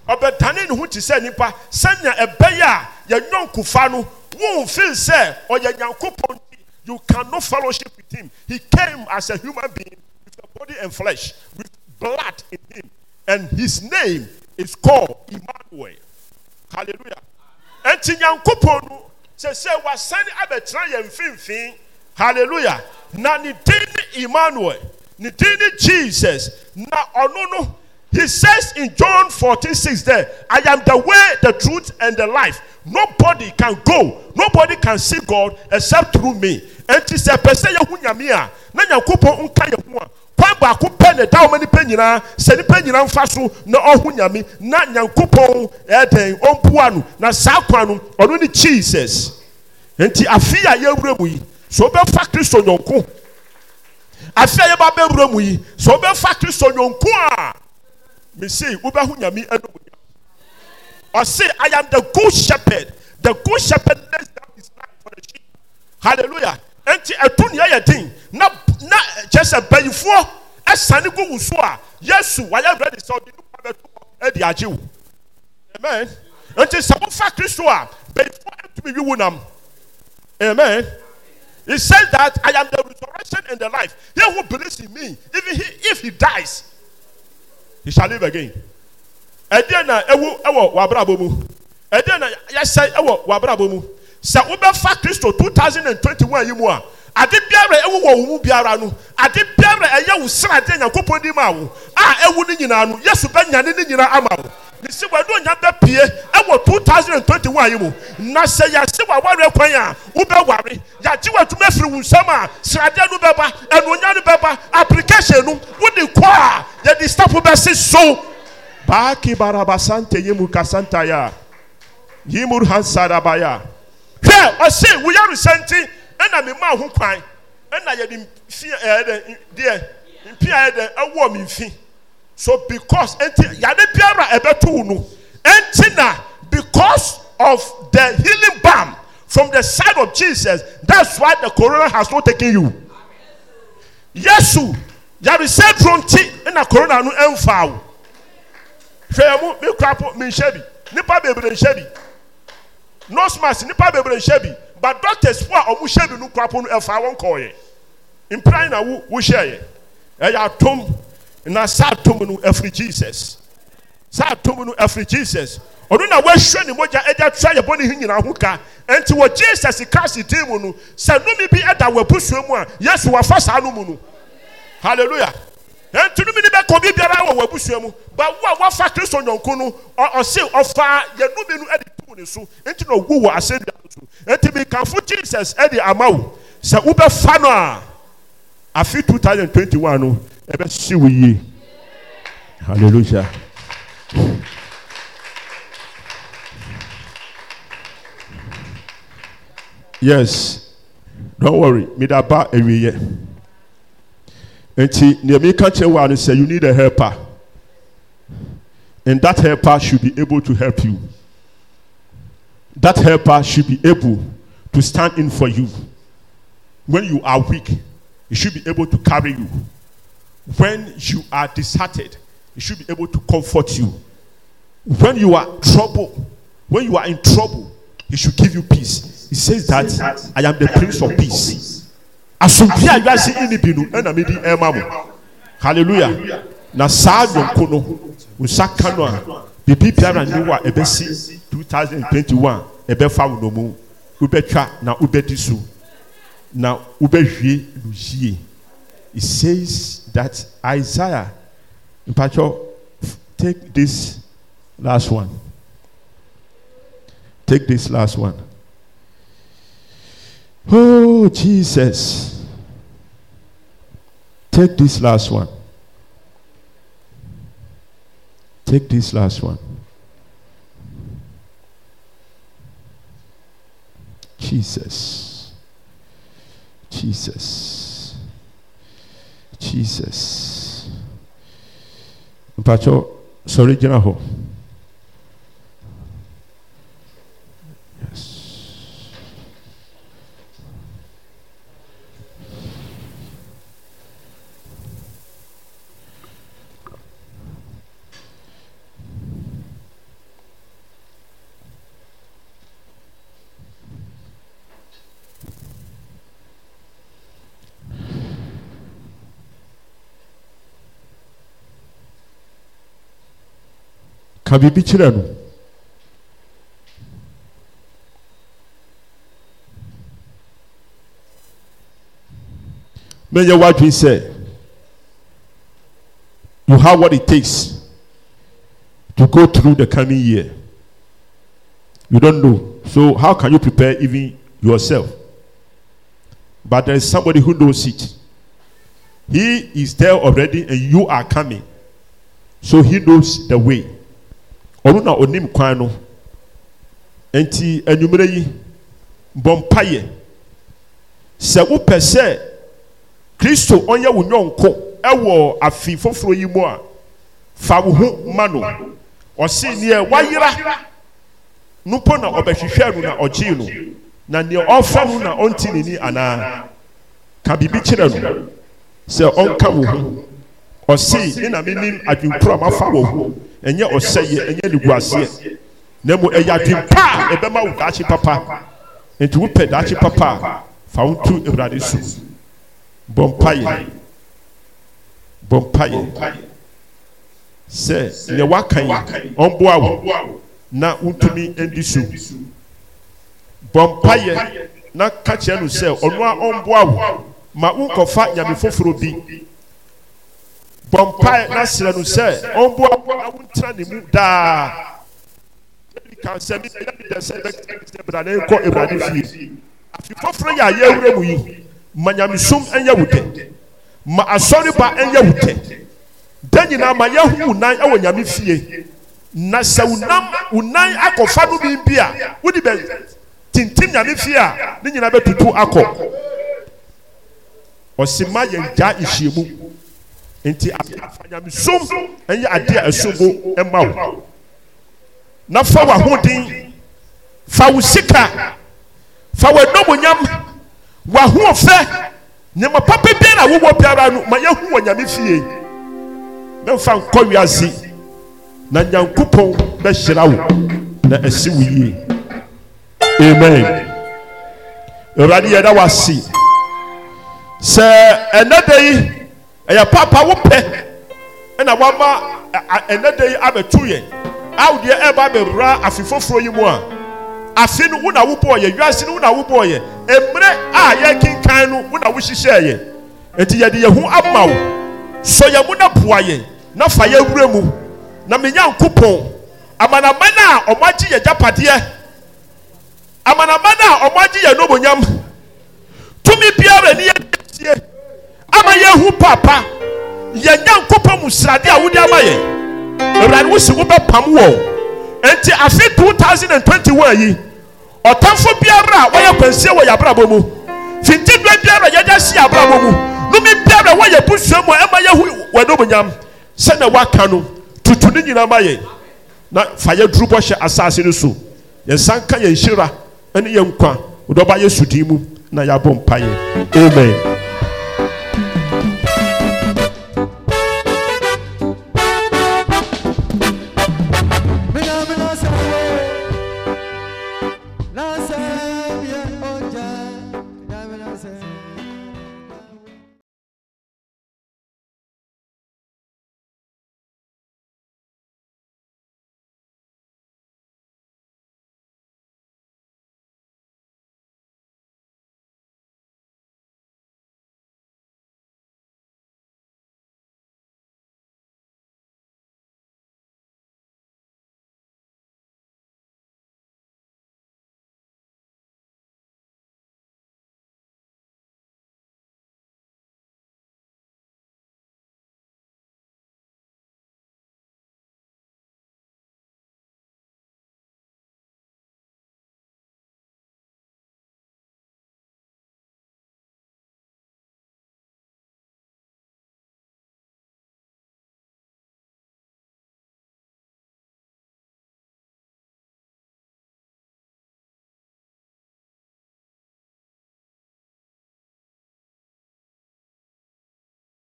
A: ɔbɛdane ne ho te sɛ nipa sɛnea ɛbɛyɛ a yɛnyɔnkofa no womfeel sɛ ɔyɛ nyankopɔn you cannot fellowship with him he came as a human being with a body and flesh with blood in him. And his name is called Emmanuel. Hallelujah. Enti nyankopɔn nu se wasane abetra yɛn mfimfini. Hallelujah. Na ne Emmanuel. Ne Jesus. Na ɔno no he says in John 14 6 there, I am the way, the truth, and the life. Nobody can go, nobody can see God except through me. And he said, Pese mia. yamia, na yankupon unka yahua. kabaako pɛ ne da wɔma nipa nyinaa sɛ nnipa nyinaa mfa so na ɔho nyame na nyankopɔn dn ɔmboa no na saa kwa no ɔno ne kesus enti afia yɛawurɛ mu yi sɛ wobɛfa kristo ɔfa bwɛ m yi wof na a sɛ mpanimfoɔ ɛsane gu wo so a yesu wayɛ ready sɛ ɔde nipa bɛto hɔ ɛde agye wo amen nti sɛ wofa kristo a mpanimfoɔ ɛtumi wi wo nam amen he said that i am the resurrection and the life he who believes in me even he, if he dies he shall live again ɛdeɛ na ɛwu ɛwɔ w'abrabɔ mu ɛdeɛ na yɛsɛ ɛwɔ w'abrabɔ mu sɛ wobɛfa kristo two thousand and twenty one yi mu a. ade biara ɛwɔ wɔ wo biara no ade biara ɛyɛ wo sradeɛ nyankopɔn nim ma wo a ewu no nyinaa no yesu bɛnyane ne nyinaa ama wo ne sɛ wɔde onya bɛpie ɛwɔ 2021 yi mu na sɛ yɛase wɔawareɛ kwan a wobɛware yɛagye w'adwuma afiri wo nsɛm a sradeɛ no bɛba ɛnonya no bɛba application no wode kɔ a yɛde stapo bɛse so baaki barabasante yimu kasantaya yimur hansadabaya hwɛ ɔse wo yaresɛ nti ɛna mi maa ho kwan ɛna yɛde mfi eh, ɛɛ deɛ mpi ayɛ ɛwɔ mi mfi so because nti yade biara ɛbɛto no nti na because of the healing balm from the side of jesus that's why the corona has not taken you yesu yaresɛ duro nti na corona no ɛnfa o hwɛ mu mi kura po mi nhyɛ bi nipa bebree nhyɛ bi nose mask nipa bebree nhyɛ bi. but dɔctars po a ɔmohyɛ bi no eh, nkwapɔ eh, no ɛfaa wɔnkɔɔeɛ mpiranina wo wohyɛeɛ ɛyɛ atom na saatom no ɛfri jesus saatom no afiri jesus ɔno na woahwirɛ ne mogya eh, adyata yɛbɔnehi nyina ho ka ɛnti wɔ jesus christ din mu no sɛ nome bi ɛda w'abusua mu a yesu w'afa saa no mu no halleluya nti nomi ne bɛkɔ bi biara wɔ w' abusua mu ba woa woafa kristo nnyɔnko no ɔse ɔfaa yɛnome no ade to m ne so nti na ɔwu wɔ asɛdua so ɛnti mekam fo jesus ade ama wo sɛ wobɛfa no a afe 2021 no ɛbɛse wo yi alela ys d wy meda ba awiɛ nti nea meka kyerɛ wo ano you need a helper and that helper should be able to help you that helper should be able to stand in for you when you are weak he should be able to carry you when you are disheartened he should be able to comfort you when you are trouble when you are in trouble he should give you peace he says that i am the prince of peace asomdwe a wiase nni bi no ɛna mo hallelujah na saa yɔnko no nsa ka a bibi biara ne wo 2021 ebefau wo no mu wobɛtwa na wobɛdi so na wobɛhwie no yie it says that isaiah mpatwɔ take this last one take this last one oh jesus Take this last one. Take this last one. Jesus. Jesus. Jesus. Pacho, sorry, Jina ho. been biribi kyerɛ no mɛnyɛ w'adwene sɛ you have what it takes to go through the coming year you don't know so how can you prepare even yourself but there is somebody who knows it he is there already and you are coming so he knows the way ɔno na onim kwan no nti anwummerɛ yi bɔ mpayɛ sɛ wopɛ sɛ kristo ɔnyɛ wo nyɔnko ɛwɔ afi foforɔ yi mu a fa wo ho ma no ɔse neɛ wayera no na ɔbɛhwehwɛ no na ɔgyee no na neɛ ɔfa no na ɔnti n'ani anaa ka biribi kyerɛ no sɛ ɔnka wo ho ɔse ne na menim adwenkorɔ a mafa wɔ ho ɛnyɛ ɔsɛeɛ ɛnyɛ negu aseɛ na mu ayɛ adin pa a ɔbɛma wo daakye papa ɛnti wopɛ daakye papa a fa wontu awrade so bɔmpaɛ bɔmpayɛ sɛ neɛ woaka yɛ ɔmboa wo na wontumi ndi so bɔmpaeɛ na ka kyerɛ no sɛ ɔno a ɔmboa wo ma wonkɔfa nyame foforɔ bi bɔ mpae na srɛ no sɛ ɔmboaboa wo ntena ne mu daa ɛdi sɛ meyɛ sɛ bɛkɛ sɛ nkɔ awurade fie afi foforɔ yɛ a yɛawura mu yi ma nyamesom ɛnyɛ wo dɛ ma asɔreba ɛnyɛ wo dɛ da nyinaa ma yɛahu wo nan ɛwɔ nyame fie na sɛ wo nam wo nan akɔfa no bi bi a wode bɛ tintim nyame fie a ne nyinaa bɛtutu akɔ ɔsi ma yɛn gya nti aafa nyame som ɛnyɛ ade a asugo ma wo na fa wahodin fa wo sika fa w'adɔ monyam wahoɔ fɛ nyama papɛ biara wowɔ biara no ma yɛhu wɔ nyame fien mɛmfa nkɔwiazi na nyankopɔn bɛhyera wo na asi wo yie amen awurade yɛda woasi sɛ ɛnɛ dɛ yi ɛyɛ papa wopɛ ɛna wama ɛnɛ de yi abɛtu yɛn awo deɛ ɛba abɛwura afi foforɔ yi mu a afi no wona wobɔɔ yɛ wiase no wona wobɔɔ yɛ mmerɛ a yɛkenkan no wona wohyehyɛɛ yɛ enti yɛde yɛn ho ama wo sɔ yɛn mu na boa yɛn na fa yɛwura mu na menya nkopɔn amanaman a ɔmo agye yɛ gyapadeɛ amanaman a ɔmo agye yɛ nobonyam tumi biara ni yɛ tie. ama yɛhu paapa yɛnyankopɔn mu srade a wodyama yɛ awurade wosi wobɛpam wɔ enti afe 221 yi ɔtamfo biara a wɔyɛ kwanseɛ wɔ yɛ abrabɔ mu fintibɛ biara a yɛgya si yɛ abrabɔ mu nome biara wɔ yɛ bosua mu a ɛma yɛhu w'adɔmunyam sɛnɛ woaka no tutu ne nyina ma yɛ na fa yɛduru bɔhyɛ asaase no so yɛnsa nka yɛn hyira ne yɛ nkwa wdɔ ɔba yɛ su dii mu na yɛabɔ mpayɛ amen